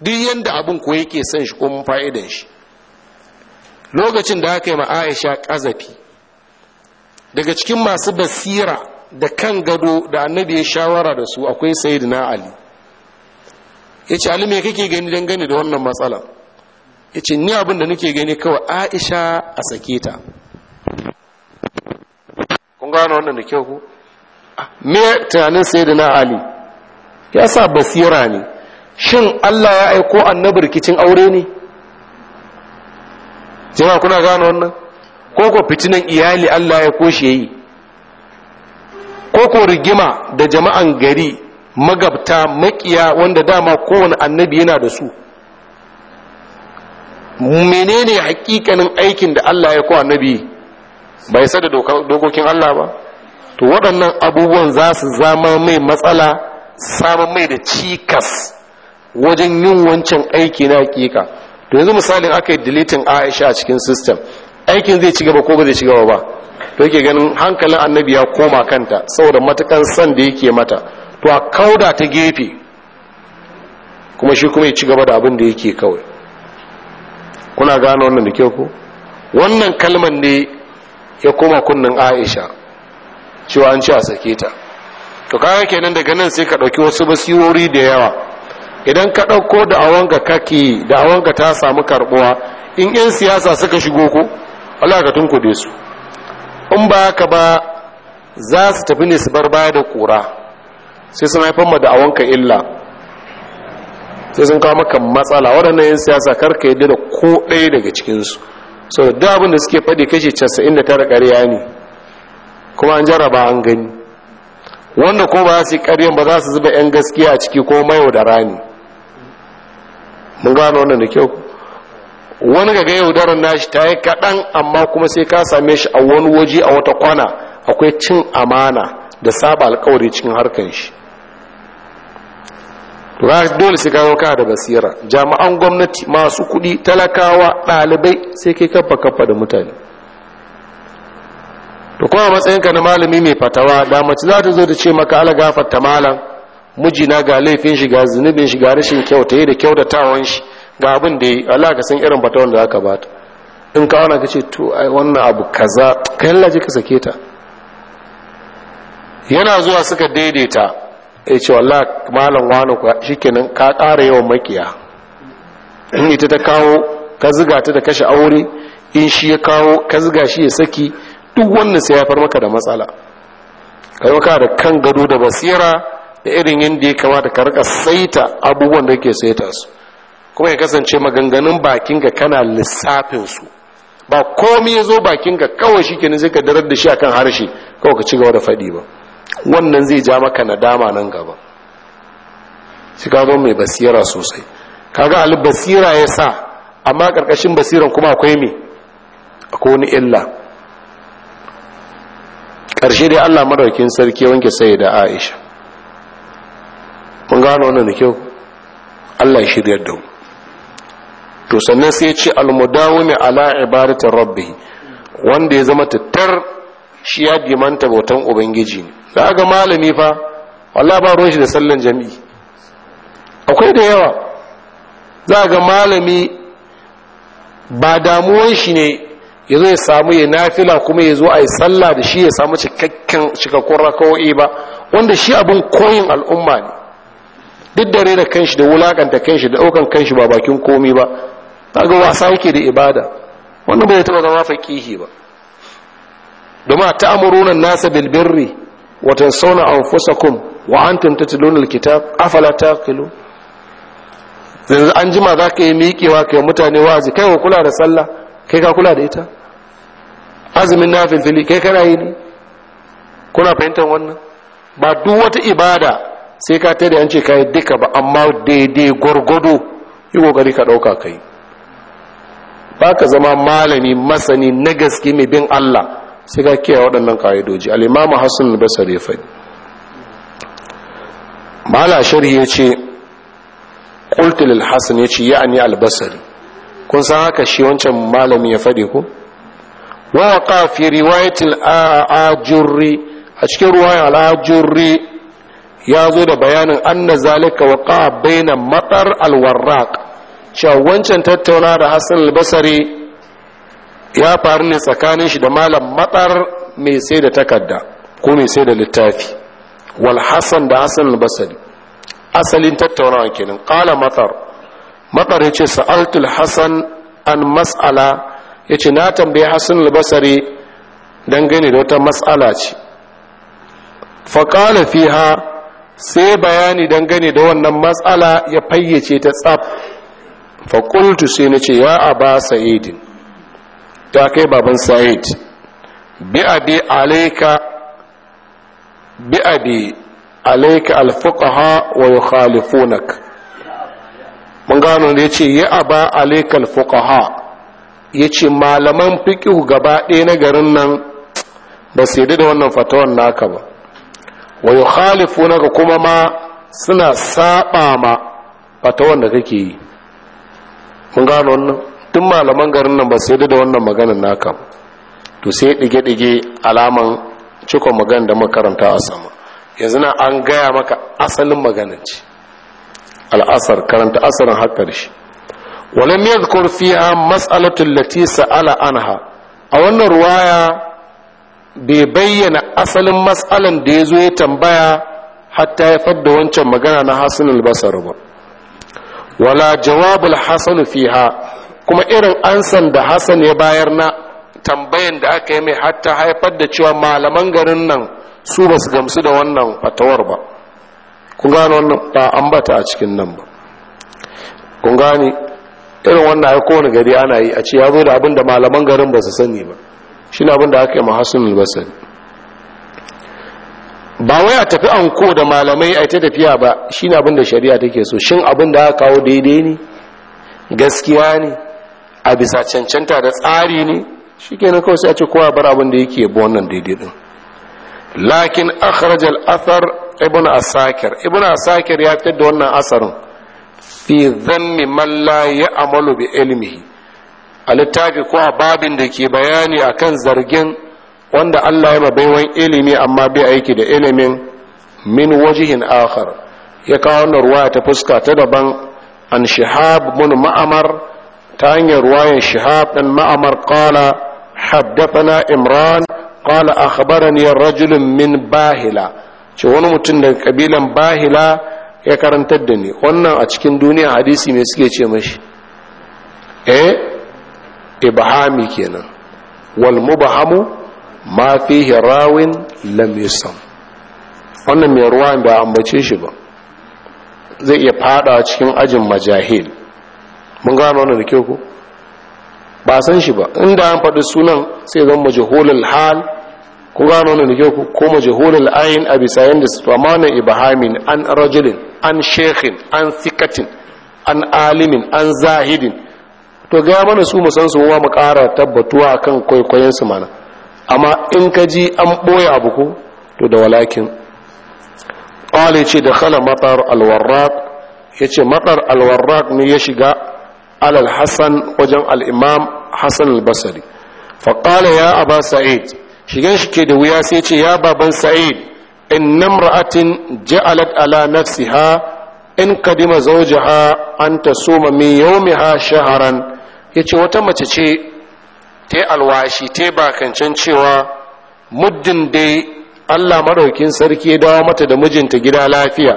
Speaker 1: duk yadda abin ko yake son shi kuma fa'idan shi lokacin da aka yi ma aisha ƙazafi daga cikin masu basira da kan gado da annabi ya shawara da su akwai sayyidina ali ya ce ali me kake gani gani da wannan matsala ya ce ni abin da nake gani kawai aisha a sake ta kun gano wannan da kyau ku me tunanin sayyidina ali ya sa basira ne shin allah ya aiko annabi rikicin aure ne jama'a kuna gano wannan ko ko fitinan iyali allah ya koshe yi ko ko rigima da jama'an gari magabta makiya wanda dama kowane annabi yana da su menene hakikanin aikin da Allah ya kowa annabi bai sada dokokin Allah ba to waɗannan abubuwan za su zama mai matsala samun mai da cikas wajen yin wancan aiki na hakika to yanzu misalin aka yi dilitin aisha a cikin system aikin zai ci gaba ko ba zai ci ba to yake ganin hankalin annabi ya koma kanta saboda matukan san da yake mata to a kauda ta gefe kuma shi kuma ya ci gaba da abin da yake kawai kuna gano wannan da kyau ku wannan kalman ne ya koma kunnin aisha cewa an ci a sake ta to kaga kenan daga nan sai ka ɗauki wasu basirori da yawa idan ka ɗauko da awanka kake da awonga ta samu karbuwa in 'yan siyasa suka shigo ku Allah ka da su in ba haka ba za su tafi ne su bar baya da kura sai sun haifar ma da ka illa sai sun kawo maka matsala waɗannan yin siyasa karka yadda da ko ɗaya daga cikinsu so da abin da suke faɗi kashi da ƙarya ne kuma an jaraba an gani wanda ko ba su yi ƙaryan ba za su zuba 'yan gaskiya a ciki ko mayo da rani mun gano wannan da kyau wani ga ga yaudarar nashi ta yi kaɗan amma kuma sai ka same shi a wani waje a wata kwana akwai cin amana da saba alkawari cikin harkar shi dole sai gano ka da basira jami'an gwamnati masu kuɗi talakawa ɗalibai sai kai kafa kafa da mutane da kuma matsayinka na malami mai fatawa da mace za ta zo da ce maka ala ta malam mijina ga laifin shiga zunubin shiga rashin kyauta da kyautatawan shi ga abin da yi Allah ka san irin bata wanda zaka bata in ka wana kace to ai wannan abu kaza kai Allah ji ka sake ta yana zuwa suka daidaita ya ce wallah malam wani kuwa shikenan ka ƙara yawan makiya in ita ta kawo ka ziga ta da kashe aure in shi ya kawo ka ziga shi ya saki duk wannan sai ya far maka da matsala kai ka da kan gado da basira da irin yadda ya kamata ka rika saita abubuwan da yake saita su kuma ya kasance maganganun bakin ga kana lissafin su ba komai ya zo bakin ga kawai shi kenan zai ka darar da shi akan harshe kawai ka ci gaba da faɗi ba wannan zai ja maka nadama nan gaba shi ka zo mai basira sosai kaga basira ya sa amma ƙarƙashin basiran kuma akwai me akwai wani illa ƙarshe dai allah madaukin sarki wanke sai da aisha mun gano wannan da kyau allah ya shiryar da mu to sannan sai ce almudawimi ala ibaratin rabbi wanda ya zama tattar shi ya dimanta bautan ubangiji ne da ga malami fa wallahi ba ruwan shi da sallan jami'i akwai da yawa za ga malami ba damuwan shi ne ya zo ya samu ya nafila kuma ya zo a yi sallah da shi ya samu cikakken cikakkun rakawai ba wanda shi abin koyin al'umma ne duk dare da kanshi da wulakanta kanshi da ɗaukan kanshi ba bakin komi ba kaga wasa yake da ibada wannan bai taɓa zama fakihi ba domin ta'muruna nasa bil birri wa tansawna anfusakum wa antum tatluna kitab afala taqilu yanzu an jima za yi miƙewa kai mutane wazi kai ka kula da sallah kai ka kula da ita azumin na filfili kai kana yi ne kuna fahimtar wannan ba duk wata ibada sai ka tare an ce ka yi duka ba amma daidai gwargwado yi kokari ka ɗauka kai ba ka zama malami masani na gaske mai bin Allah sai ka kiyaye waɗannan ƙa'idoji al'imamu hassan basar ya faɗi mala shari ya ce ƙultul hassan ya ce ya'ani albasari kun san haka shi wancan malami ya faɗi ku wa waqa fi ajurri a cikin ruwayar al'ajurri ya zo da bayanin anna zalika wa waqa baina matar alwarraq cewa wancan tattauna da hassan albasari ya faru ne tsakanin shi da malam matsar mai sai da takarda ko mai sai da littafi wal hassan da hassan albasari asalin tattaunawa kenan kala matsar matsar ya ce sa'altul hassan an matsala ya ce na tambaye hassan albasari dangane da wata matsala ce faƙala fiha sai bayani dangane da wannan matsala ya fayyace ta tsab faƙultu sai na ce ya aba sa'idin ta kai baban sa'id bi abi alaika bi abi alaika alfuqaha wa yukhalifunak mun gano da yace ya aba alaika alfuqaha yace malaman fiqh gaba ɗaya na garin nan ba su yi da wannan fatawar naka ba wa yukhalifunaka kuma ma suna saɓa ma fatawar da kake yi mun gano wannan tun malaman garin nan ba sai da wannan maganar naka to sai ɗige-ɗige alaman cikon magana da makaranta a sama yanzu na an gaya maka asalin maganin ce al'asar karanta asarin haƙar shi walam yadhkur fiha mas'alatul lati sa'ala anha a wannan ruwaya bai bayyana asalin matsalan da ya zo ya tambaya hatta ya fadda wancan magana na hassan albasar ba wala jawabul hasan fiha kuma irin ansan da hasan ya bayar na tambayan da aka yi mai hatta haifar da cewa malaman garin nan su ba su gamsu da wannan fatawar ba kun gane wannan ba ambata a cikin nan ba kun gane irin wannan ai kowane gari ana yi a ce ya zo da abin da malaman garin ba su sani ba shi ne abin da aka yi ma hasan albasari ba wai a tafi anko da malamai a ta tafiya ba shi ne abinda shari'a take so shin abin da aka kawo daidai ne gaskiya ne a bisa cancanta da tsari ne shi kenan kawai sai a ce kowa bar abin da yake yabo wannan daidai din lakin akhraj athar ibn asakir ibn asakir ya fitar da wannan asarin fi dhanni man la ya'malu bi ilmihi a littafi ko a babin da ke bayani akan zargin wanda Allah ya baiwan ilimi amma bai aiki da ilimin min wajihin akhar ya kawo wannan ruwaya ta fuska ta daban an shihab mun ma'amar ta hanyar ruwayan shihab ɗan ma'amar qala haddathana imran qala akhbarani rajulun min bahila ce wani mutum daga kabilan bahila ya karantar da ni wannan a cikin duniya hadisi mai suke ce mashi eh ibahami kenan wal mubahamu ma fihi rawin lam yusam wannan mai ruwa ba ambace shi ba zai iya fada cikin ajin majahil mun gano wannan da kyau ko ba san shi ba inda an faɗi sunan sai zan majahulul hal ko gano wannan da kyau ko ko majahulul ayin a bisa yanda su ibahamin an rajulin an shekhin an sikatin an alimin an zahidin to gaya mana su mu su wa mu ƙara tabbatuwa kan kwaikwayonsu mana amma in ka ji an ɓoye abu ko to da walakin ƙwale ce da khala matar alwarraq ya ce matar alwarraq ne ya shiga alal hassan wajen al'imam hassan albasari faƙala ya aba sa'id shigan shi ke da wuya sai ce ya baban sa'id in namra'atin ja'alat ala nafsiha in kadima zaujaha an ta soma min yaumiha shaharan yace wata mace ce ta alwashi ta bakancan cewa muddin dai allah maraukin sarki ya dawo mata da mijinta gida lafiya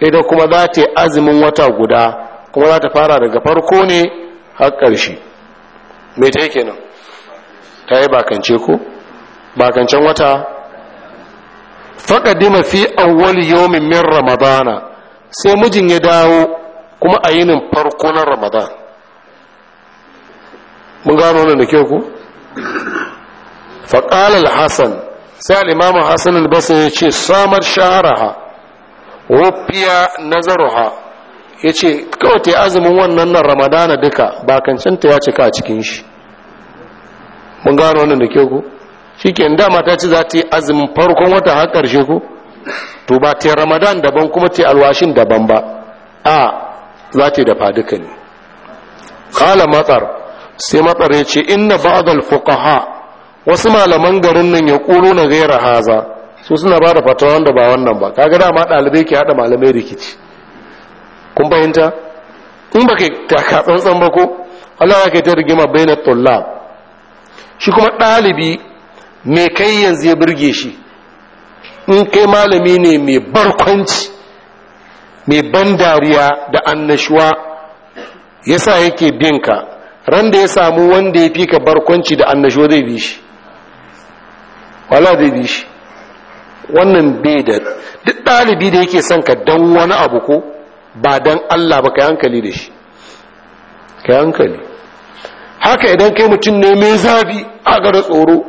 Speaker 1: ita kuma za ta yi azumin wata guda kuma za ta fara daga farko ne har ƙarshe mai ta yake nan ta yi bakance ko bakancen wata faƙadima fi awwal yomin min ramadana sai mijin ya dawo kuma a yinin farko na ramadana mun gano wannan da kyau ku al-hasan sai al-imamu hassan sai al'imamu hassan albasa ya ce samar shaharaha fiya nazaruha ya ce kawai ta azumin wannan nan ramadana duka bakancanta ya cika a cikin shi mun gano wannan da kyau ku shi ke dama ta ci za ta yi azumin farkon wata har ƙarshe ku to ba ta ramadan daban kuma ta alwashin daban ba a za ta yi dafa duka ne kala matsar sai matsar ya ce inna ba'dal fuqaha wasu malaman garin nan ya kuro na gaira haza su suna ba da fatawa wanda ba wannan ba kaga da ma dalibai ke hada malamai rikici kun fahimta in ba ta ka tsantsan ba ko Allah ya kai ta rigima bainar tullab shi kuma dalibi me kai yanzu ya burge shi in kai malami ne mai barkwanci mai ban dariya da annashuwa yasa yake binka ran da ya samu wanda ya fi ka barkwanci da annashuwa zai bi shi wala zai bi shi wannan bai da duk ɗalibi da yake son ka don wani abu ko ba don allah ba ka hankali da shi ka hankali haka idan kai mutum ne mai zafi aga da tsoro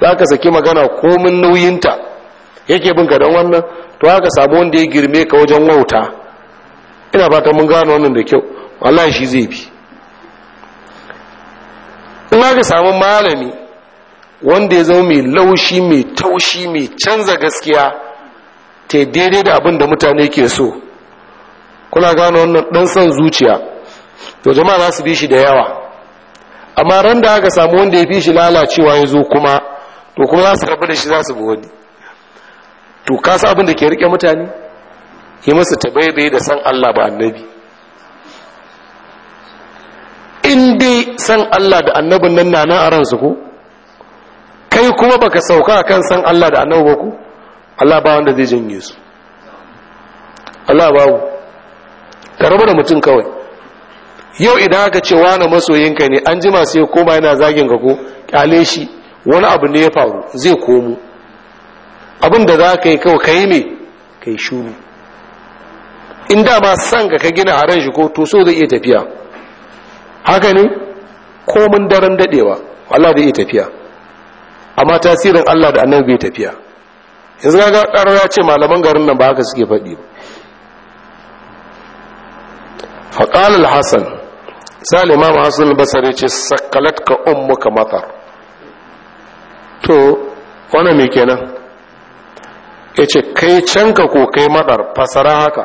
Speaker 1: za ka saki magana komin nauyinta yake bin ka don wannan to haka samu wanda ya girme ka wajen wauta ina fata mun gano wannan da kyau wallahi shi zai bi in aka samu malami wanda ya zama mai laushi mai taushi mai canza gaskiya ta daidai da abin da mutane ke so kuna gano wannan dan son zuciya to jama'a za su bi shi da yawa amma ran da aka samu wanda ya fi shi lalacewa ya zo kuma to kuma za su rabu da shi za su bi to to kasa abin da ke rike mutane yi masa tabaibai da san allah ba annabi in dai san Allah da annabin nan na nan a ransu ko kai kuma baka sauka kan san Allah da annabi ba ku Allah ba wanda zai janye su Allah ba ka rabu da mutum kawai yau idan aka ce wani masoyinka ne an jima sai koma yana zagin ka ko kyale shi wani abu ne ya faru zai komo abin da za ka yi kawai kai yi me shuru in da ma san ka ka gina a shi ko to so zai iya tafiya haka ne komin daren dadewa Allah da yi tafiya amma tasirin Allah da annabi bai tafiya yanzu ga ya ce malaman garin nan ba haka suke faɗi ba faƙal al-hassan sai imam al-basri ce sakalat ka ummuka matar to wannan me kenan ya kai canka ko kai matar fasara haka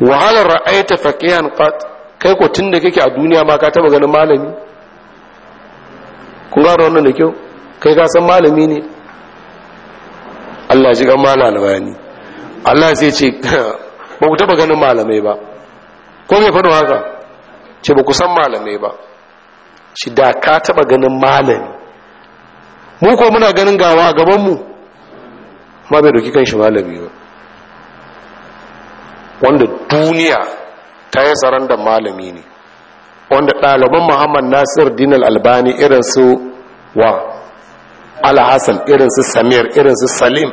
Speaker 1: wahalar ra'aita faqiyan qat kai ko tun da kake a duniya ma ka taba ganin malami kun gano wannan da kyau kai ka san malami ne Allah ya ji kan malalbani Allah sai ce ba ku taba ganin malamai ba ko me faɗo haka ce ba ku san malamai ba shi da ka taba ganin malami mu ko muna ganin gawa a gaban mu ma bai doki kan shi malami ba wanda duniya ta yi sarandar malami ne wanda ɗaliban muhammad nasir dinar albani irinsu wa alhassan irinsu samir irinsu salim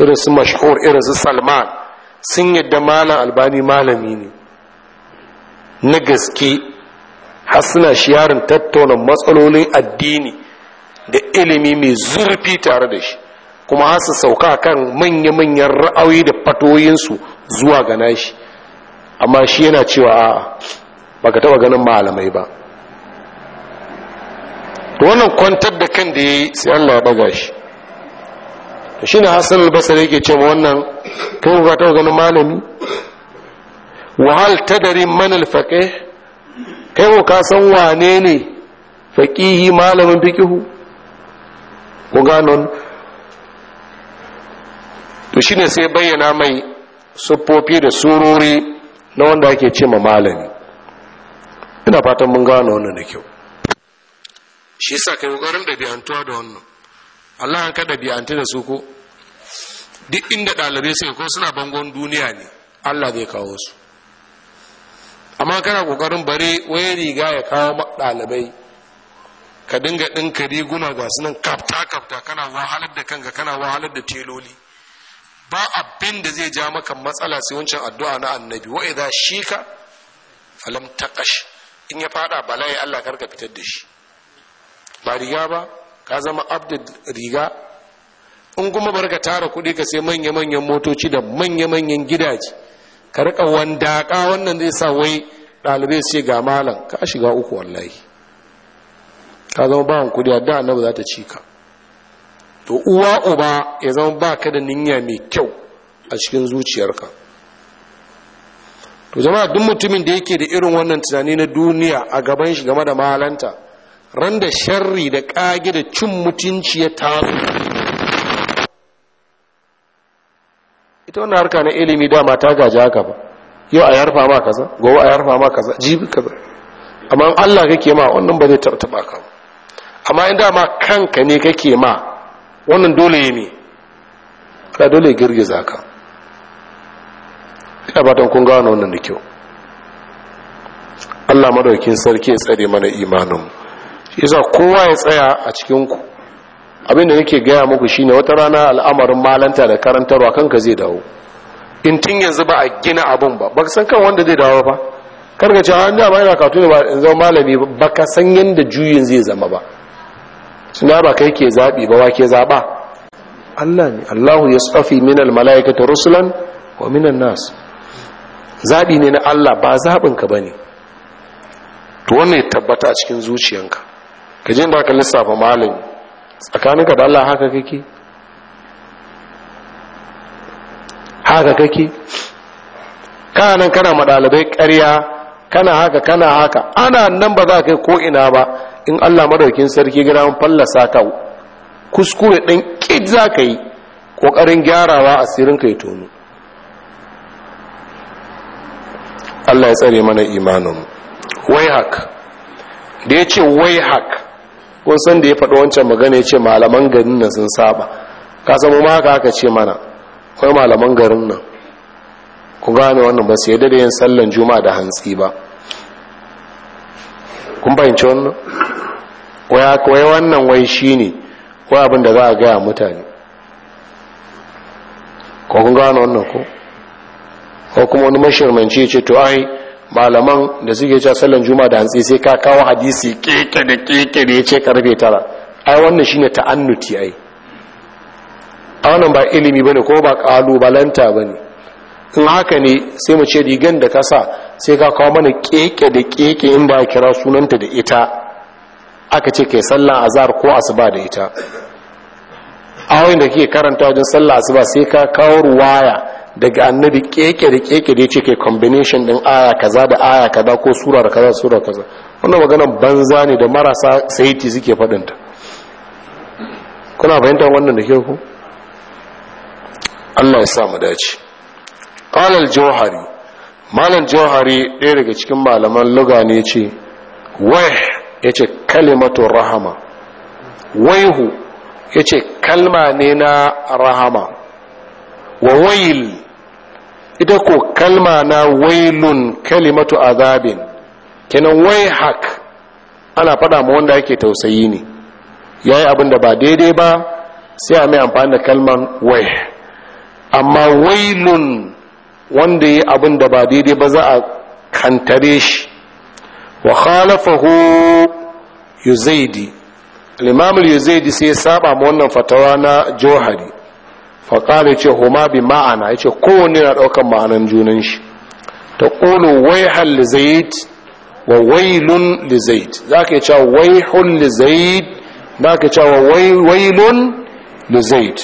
Speaker 1: irinsu mashhur irinsu salman sun yadda malam albani malami ne na gaske har suna shiyarin tattauna matsalolin addini da ilimi mai zurfi tare da shi kuma har su sauka kan manya-manyan ra'ayoyi da fatoyinsu zuwa gana shi. amma shi yana cewa a'a ka taba ganin malamai ba to wannan kwantar da kan da ya yi sai Allah ya daga shi shine Hassan al-Basri yake cewa wannan kan ba taba ganin malami wa hal tadri man al kai ko ka san wane ne faƙihi malamin fikihu ko ganon to shine sai bayyana mai siffofi da surori na wanda ake ce ma malami ina fatan mun gano wannan da kyau shi sa kai kokarin biyantuwa da wannan Allah an kada biyantu da su ko duk inda ɗalibai suke ko suna bangon duniya ne Allah zai kawo su amma kana kokarin bare wai riga ya kawo ɗalibai ka dinga ɗinka riguna ga su nan kafta kafta kana wahalar da kanka kana wahalar da teloli ba abin da zai ja maka matsala sai wancan addu'a na annabi wa idza shika falam taqash in ya fada bala'i Allah karka fitar da shi ba riga ba ka zama abd riga in kuma barka tara kuɗi ka sai manya manyan motoci da manya manyan gidaje ka rika wandaka wannan zai sa wai ɗalibai sai ga malam ka shiga uku wallahi ka zama bawan kuɗi da annabi za ta ci ka to uwa uba ya zama ba ka da niyya mai kyau a cikin zuciyarka to jama'a duk mutumin da yake da irin wannan tunani na duniya a gaban shi game da mahalanta ran da sharri da kage da cin mutunci ya taso ita wannan harka na ilimi dama ta gaji haka ba yau a yarfa ma kaza gobe a yarfa ma kaza jibi kaza amma Allah kake ma wannan ba zai tartaba ka amma in dama kanka ne kake ma wannan dole ya mi. ka dole ya girgiza ka ina fatan kun gano wannan da kyau Allah madaukin sarki ya tsare mana imanin shi yasa kowa ya tsaya a cikinku, abinda nake gaya muku shine wata rana al'amarin malanta da karantarwa kanka zai dawo in tun yanzu ba a gina abun ba ba san kan wanda zai dawo ba karka an ah, da yana katuni ba in zama malami ba ka san yanda juyin zai zama ba suna ba kai ke zaɓi ba wa ke zaɓa Allah ne Allahu ya tsafi minal ta rusulan wa minan nas zaɓi ne na Allah ba zaɓinka ba ne to wani ya tabbata a cikin zuciyanka ka jin da ka lissafa malami tsakaninka da Allah haka kake haka kake kana nan kana madalibai ƙarya kana haka kana haka ana nan ba za ka yi ko ina ba in allah madaukin sarki gina fallasa ka kuskure ɗan ƙid za ka yi ƙoƙarin gyarawa asirin ka yi tono allah ya tsare mana imanin wai haka da ya ce wai haka kun san da ya faɗi wancan magana ya ce malaman garin nan sun saba ka samu ma aka ce mana kai malaman garin nan ku gane wannan ba su yadda da yin sallan juma da hantsi ba kun fahimci wannan waya kawai wannan wai shi ne wai abin da za a gaya mutane ko kun gano wannan ko ko kuma wani mashirmanci ce to ai malaman da suke cewa sallan juma da hantsi sai ka kawo hadisi keke da keke da ya ce karfe tara ai wannan shi shine ta'annuti ai a ba ilimi bane ko ba ba bane in haka ne sai mu ce rigan da kasa sai ka kawo mana keke da keke in ba kira sunanta da ita aka ce kai sallan azhar ko asuba da ita ayoyin da kake karanta wajen sallah asuba sai ka kawo ruwaya daga annabi keke da keke da kai combination din aya kaza da aya kaza ko sura da kaza sura kaza wannan magana banza ne da marasa saiti suke faɗin ta kuna fahimtar wannan da ke ku Allah ya sa mu dace qala johari malam jawhari ɗaya daga cikin malaman luga ne ce wai ya ce kalimatun rahama waihu ya ce kalma ne na rahama wa wail ita ko kalma na wailun kalimatu azabin kenan wai hak ana fada ma wanda yake tausayi ne ya yi abin ba daidai ba sai a mai amfani da kalman wai amma wailun wanda ya abin da ba daidai ba za a kantare shi wa khalafahu yuzaidi al-imam sai ya saɓa ma wannan fatawa na johari faƙali ce Huma bi ma'ana yace ce kowanne na ɗaukan ma'anan junan shi ta ƙolo waihal lizayid wa wailun lizayid za ka yi cewa waihun lizayid za ka yi cewa wailun lizayid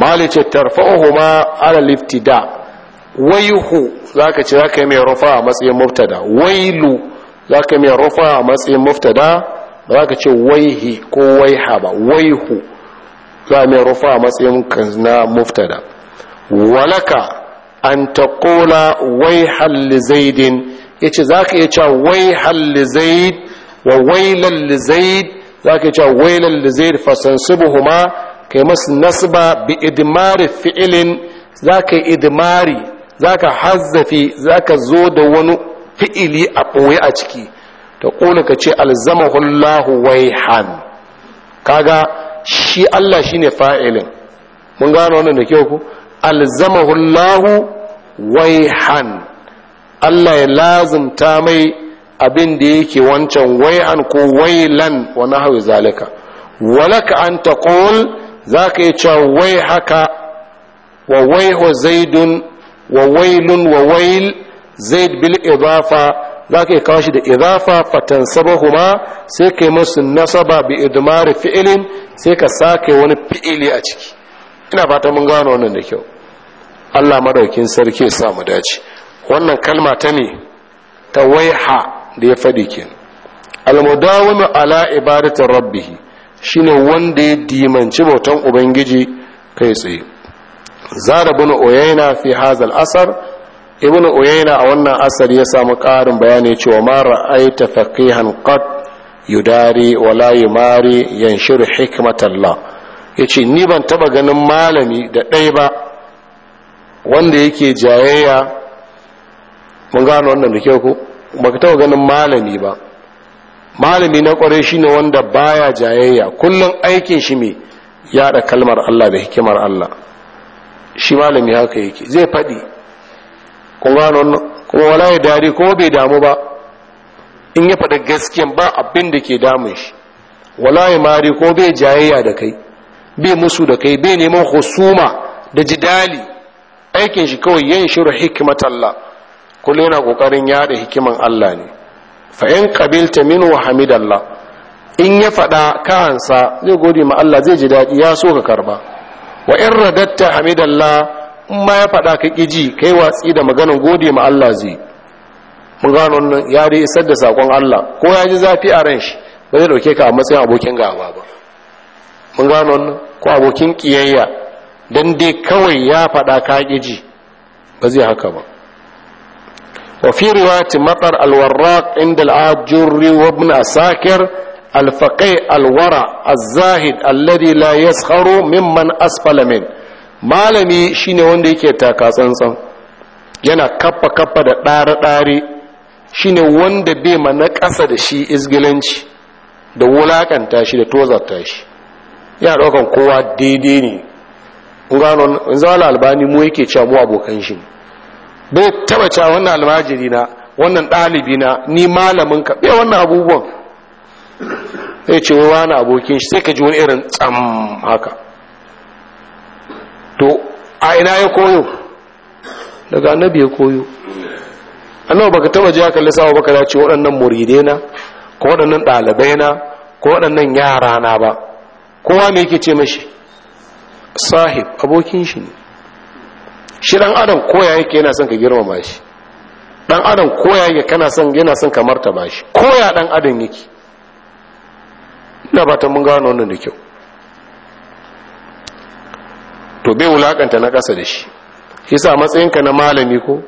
Speaker 1: mali ce tarfa'o ala liftida waihu ka ce ka yi mai rufa a matsayin muftada. wailu ka yi mai rufa a matsayin muftada. ba za ka ce waihi ko waiha ba waihu za mai rufa a matsayin na muftada. walaka an taqula waihal Ya ce za ka iya cewa waihal li zaid wa wailal li zaid zaka iya cewa wailal li ma. Ka yi masu nasba bi idmari fi'ilin yi idmari za ka hazzafe za ka zo da wani fi'ili a ɓoye a ciki ta ƙone ka ce alzamahullahu wai han kaga shi Allah shi ne fa'ilin mun gano wannan da kyau ku alzamahullahu wai han Allah ya ta mai abin da yake wancan wai an ko wailan wani hau zalika walaka an ta ƙol za ka yi cewa wai haka wa wai zaidun wa wailun wa wail zaid bil idafa za ka kawo shi da idafa fatan sabahuma sai ka yi musu nasaba bi idmari fi'ilin sai ka sake wani fi'ili a ciki ina fata mun gano wannan da kyau Allah madaukin sarki ya sa mu dace wannan kalma ta ne ta waiha da ya faɗi kenan almudawimu ala ibadatin rabbihi shine wanda ya dimanci bautan ubangiji kai tsaye zara bin uyayna fi hazal asar ibn uyayna a wannan asar ya samu ƙarin bayani cewa ma ra'aita faqihan qad yudari wala yumari yanshuru hikmatallah yace ni ban taba ganin malami da ɗaya ba wanda yake jayayya mun gano wannan da ku ba baka taba ganin malami ba malami na kware shine wanda baya jayayya kullum aikin shi me yada kalmar Allah da hikimar Allah shi malami haka yake zai faɗi kun gano kuma wala ya dare kuma bai damu ba in ya faɗa gaskiyan ba abin da ke damun shi wala ya mari ko bai jayayya da kai bai musu da kai bai neman husuma da jidali aikin shi kawai yan shiru hikimata Allah kullum yana kokarin yada hikiman Allah ne fa in qabilta minhu hamidallah in ya faɗa kansa zai gode ma Allah zai ji daɗi ya so ka karba wa in radatta hamidallah in ma ya faɗa ka kiji kai watsi da maganin gode ma Allah zai mun gano wannan ya dai isar da sakon Allah ko ya ji zafi a ran shi ba zai dauke ka a matsayin abokin gaba ba mun gano wannan ko abokin kiyayya dan dai kawai ya faɗa ka ƙiji ba zai haka ba wa fi riwayat matar al-warraq inda al-ajurri wa ibn asakir الفقيه الورع الزاهد الذي لا يسخر ممن اسفل من malami shine wanda yake taka tsantsan yana kappa kappa da ɗare-ɗare shine wanda bai ma na ƙasa da shi izgilanci da wulakanta shi da tozarta shi yana ɗaukan kowa daidai ne gano zala albani mu yake cewa mu abokan shi bai taba cewa wannan almajiri na wannan ɗalibi na ni malamin ka bai wannan abubuwan sai ce wa wani abokin shi sai ka ji wani irin tsam haka to a ina ya koyo daga annabi ya koyo annabi baka taba ji haka lissawa baka dace waɗannan muridena na ko waɗannan ɗalibai na ko waɗannan yara na ba kowa me yake ce mashi sahib abokin shi ne shi ɗan adam koya yake yana son ka girmama shi ɗan adam koya yake kana son yana son ka martaba shi koya ɗan adam yake da ba ta mun gano wannan da kyau to bai wulakanta na ƙasa da shi yasa matsayinka na malami ko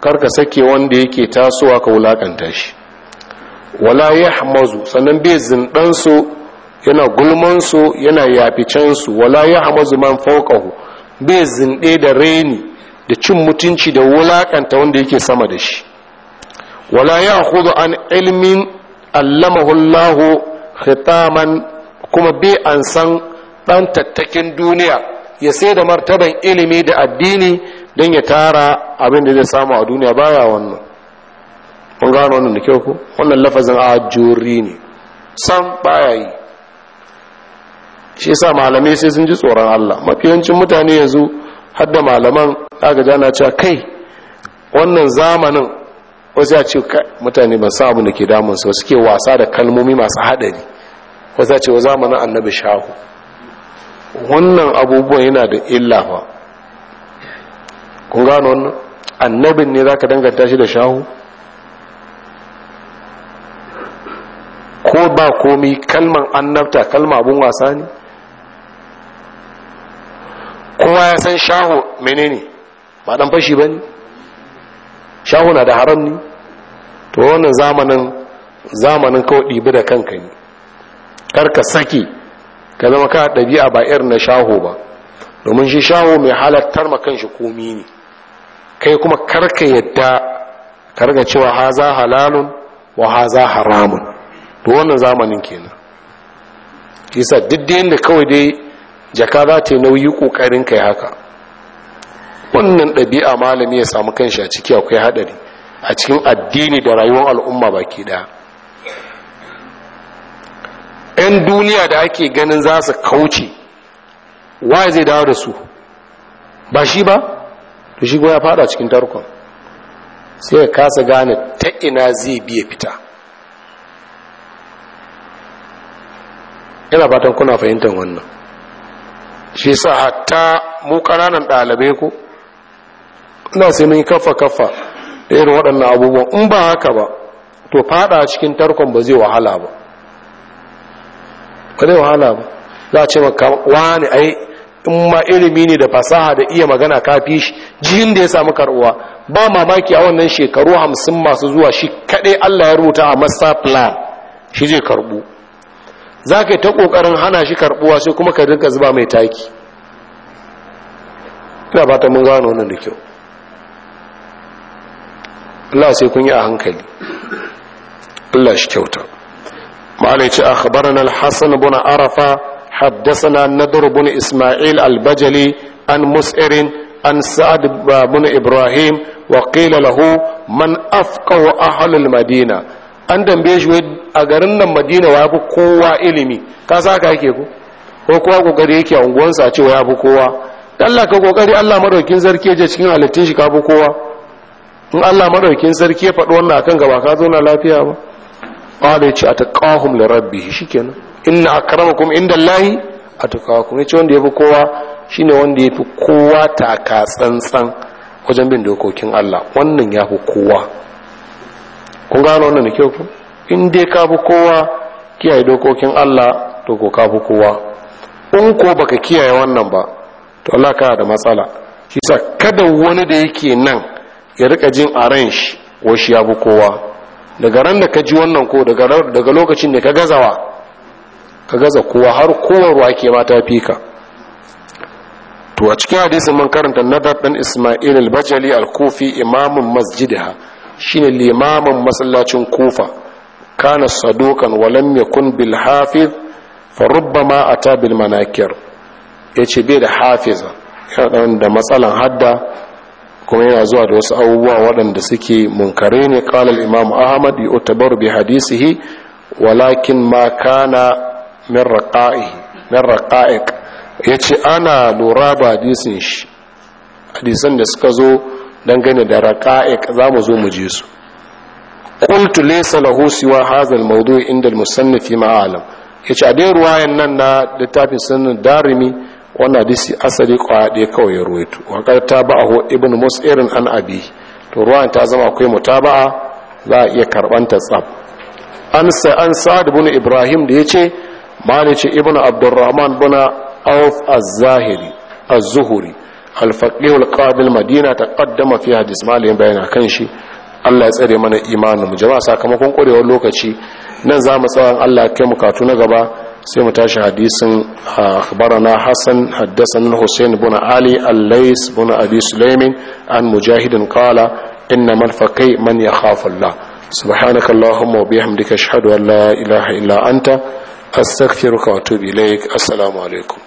Speaker 1: karka sake wanda yake tasowa ka wulakanta shi wala ya Hamazu sannan bai zindan yana gulman su yana yaficensu su wala Hamazu man fawqahu bai zinde da raini da cin mutunci da wulakanta wanda yake sama da shi wala ya'khudhu an ilmin allamahu hullahu. khitaman kuma bai an san ɗan tattakin duniya ya sai da martaban ilimi da addini don ya tara abin da zai samu a duniya baya wannan kun gano wannan da kyau ku wannan lafazin ajuri ne san baya yi shi sa malamai sai sun ji tsoron Allah mafiyancin mutane yanzu har da malaman aka jana cewa kai wannan zamanin wasu ya ce mutane ba sa da ke damun su suke wasa da kalmomi masu haɗari wata ce wa zamanin annabi shahu wannan abubuwan yana da illa ba kun gano wannan annabin ne za ka danganta shi da shahu ko ba komi kalman annabta kalma abun wasa ne kowa ya san shahu menene ba dan fashi ba ne shahu na da haram ne to wannan zamanin zamanin kawai ɗibi da kanka ne karka saki ka zama ka ɗabi'a ba irin na shaho ba domin shi shaho mai halattar makan shi komi ne kai kuma karka yadda karga cewa haza halalun wa za haramun da wannan zamanin kenan isa duk da yadda kawai dai jaka za ta yi nauyi kokarin kai haka wannan ɗabi'a malami ya samu kanshi a ciki akwai haɗari a cikin addini da rayuwar al'umma baki ɗaya 'yan duniya da ake ganin za su kauce waye zai dawo da su ba shi ba to shi ya fada cikin tarkon sai ya kasa gane ta ina zai biya fita Yana fatan kuna fahimtar wannan shi sa hatta mu ƙananan ɗalibai ko ina sai mun kafa kafa da irin waɗannan abubuwan in ba haka ba to fada cikin tarkon ba zai wahala ba kada zai wahala ba za a ce maka wani ai in ma ilimi ne da fasaha da iya magana kafi shi jihin da ya samu karuwa ba mamaki a wannan shekaru hamsin masu zuwa shi kaɗai allah ya rubuta a masa plan shi zai karbu za ka yi ta ƙoƙarin hana shi karbuwa sai kuma ka dinka zuba mai taki ina ba ta mun gano wannan da kyau allah sai kun yi a hankali allah shi kyauta malai ce akhbarana al-hasan ibn arafa haddathana nadr ibn isma'il al-bajali an mus'irin an sa'ad ibn ibrahim wa qila man afqahu ahli al-madina an dambe shi a garin nan madina wa fi kowa ilimi ka sa ka yake ku ko kowa kokari yake a unguwansa a cewa ya fi kowa Allah ka kokari Allah madaukin sarki je cikin halittun shi ka fi kowa in Allah madaukin sarki ya faɗi wannan akan gaba ka zo lafiya ba qala yace ataqahum li rabbih shikenan inna akramakum indallahi ataqakum yace wanda yafi kowa shine wanda yafi kowa taka tsantsan wajen bin dokokin Allah wannan yafi kowa kun gano wannan da kyau ku in dai ka fi kowa kiyaye dokokin Allah to ko ka fi kowa in ko baka kiyaye wannan ba to Allah ka da matsala shi sa kada wani da yake nan ya rika jin a ran shi wa ya fi kowa daga ran da ka ji wannan ko daga lokacin da ka gazawa ka gaza kowa har kowarwa ke mata fi ka to a cikin hadisin man karanta nadar ɗan ismail al-bajali al-kufi imamun masjidiha shine limamin masallacin kofa, kana sadukan walam yakun bil hafiz fa rubbama ata bil manakir yace bai da hafiza yana da matsalan hadda kuma yana zuwa da wasu abubuwa waɗanda suke munkare ne ƙalar imam ahmad yi otabar bi hadisihi walakin ma kana min ya ce ana lura ba hadisin shi hadisan da suka zo dangane da raƙa'iq za mu zo mu je su qultu laysa lahu siwa hadha al-mawdu' inda al-musannif ma'alam ce a dai ruwayan nan na littafin sunan darimi wannan hadisi asali kwaya ɗaya kawai ya ruwaito wakar ta ba ba'ahu ibn mus'irin an abi to ruwan ta zama akwai mutaba'a za a iya ta tsab an sa an sa'ad ibn ibrahim da yace ce ibn abdurrahman ibn auf az-zahiri az zuhuri al-faqih al-qabil madina taqaddama fi hadis malin bayana kan shi Allah ya tsare mana imanin mu jama'a sakamakon ƙwarewar lokaci nan za mu tsawon Allah ya kai mu katu na gaba sai mu tashi hadisin akhbarana hasan haddasan husayn ibn ali al-lays ibn abi sulaimin an mujahidin qala inna man faqi man yakhafu allah subhanaka allahumma wa bihamdika ashhadu an la ilaha illa anta astaghfiruka wa atubu ilaik assalamu alaikum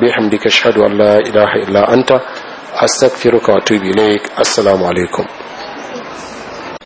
Speaker 1: bihamdika ashhadu an la ilaha illa anta astaghfiruka assalamu alaikum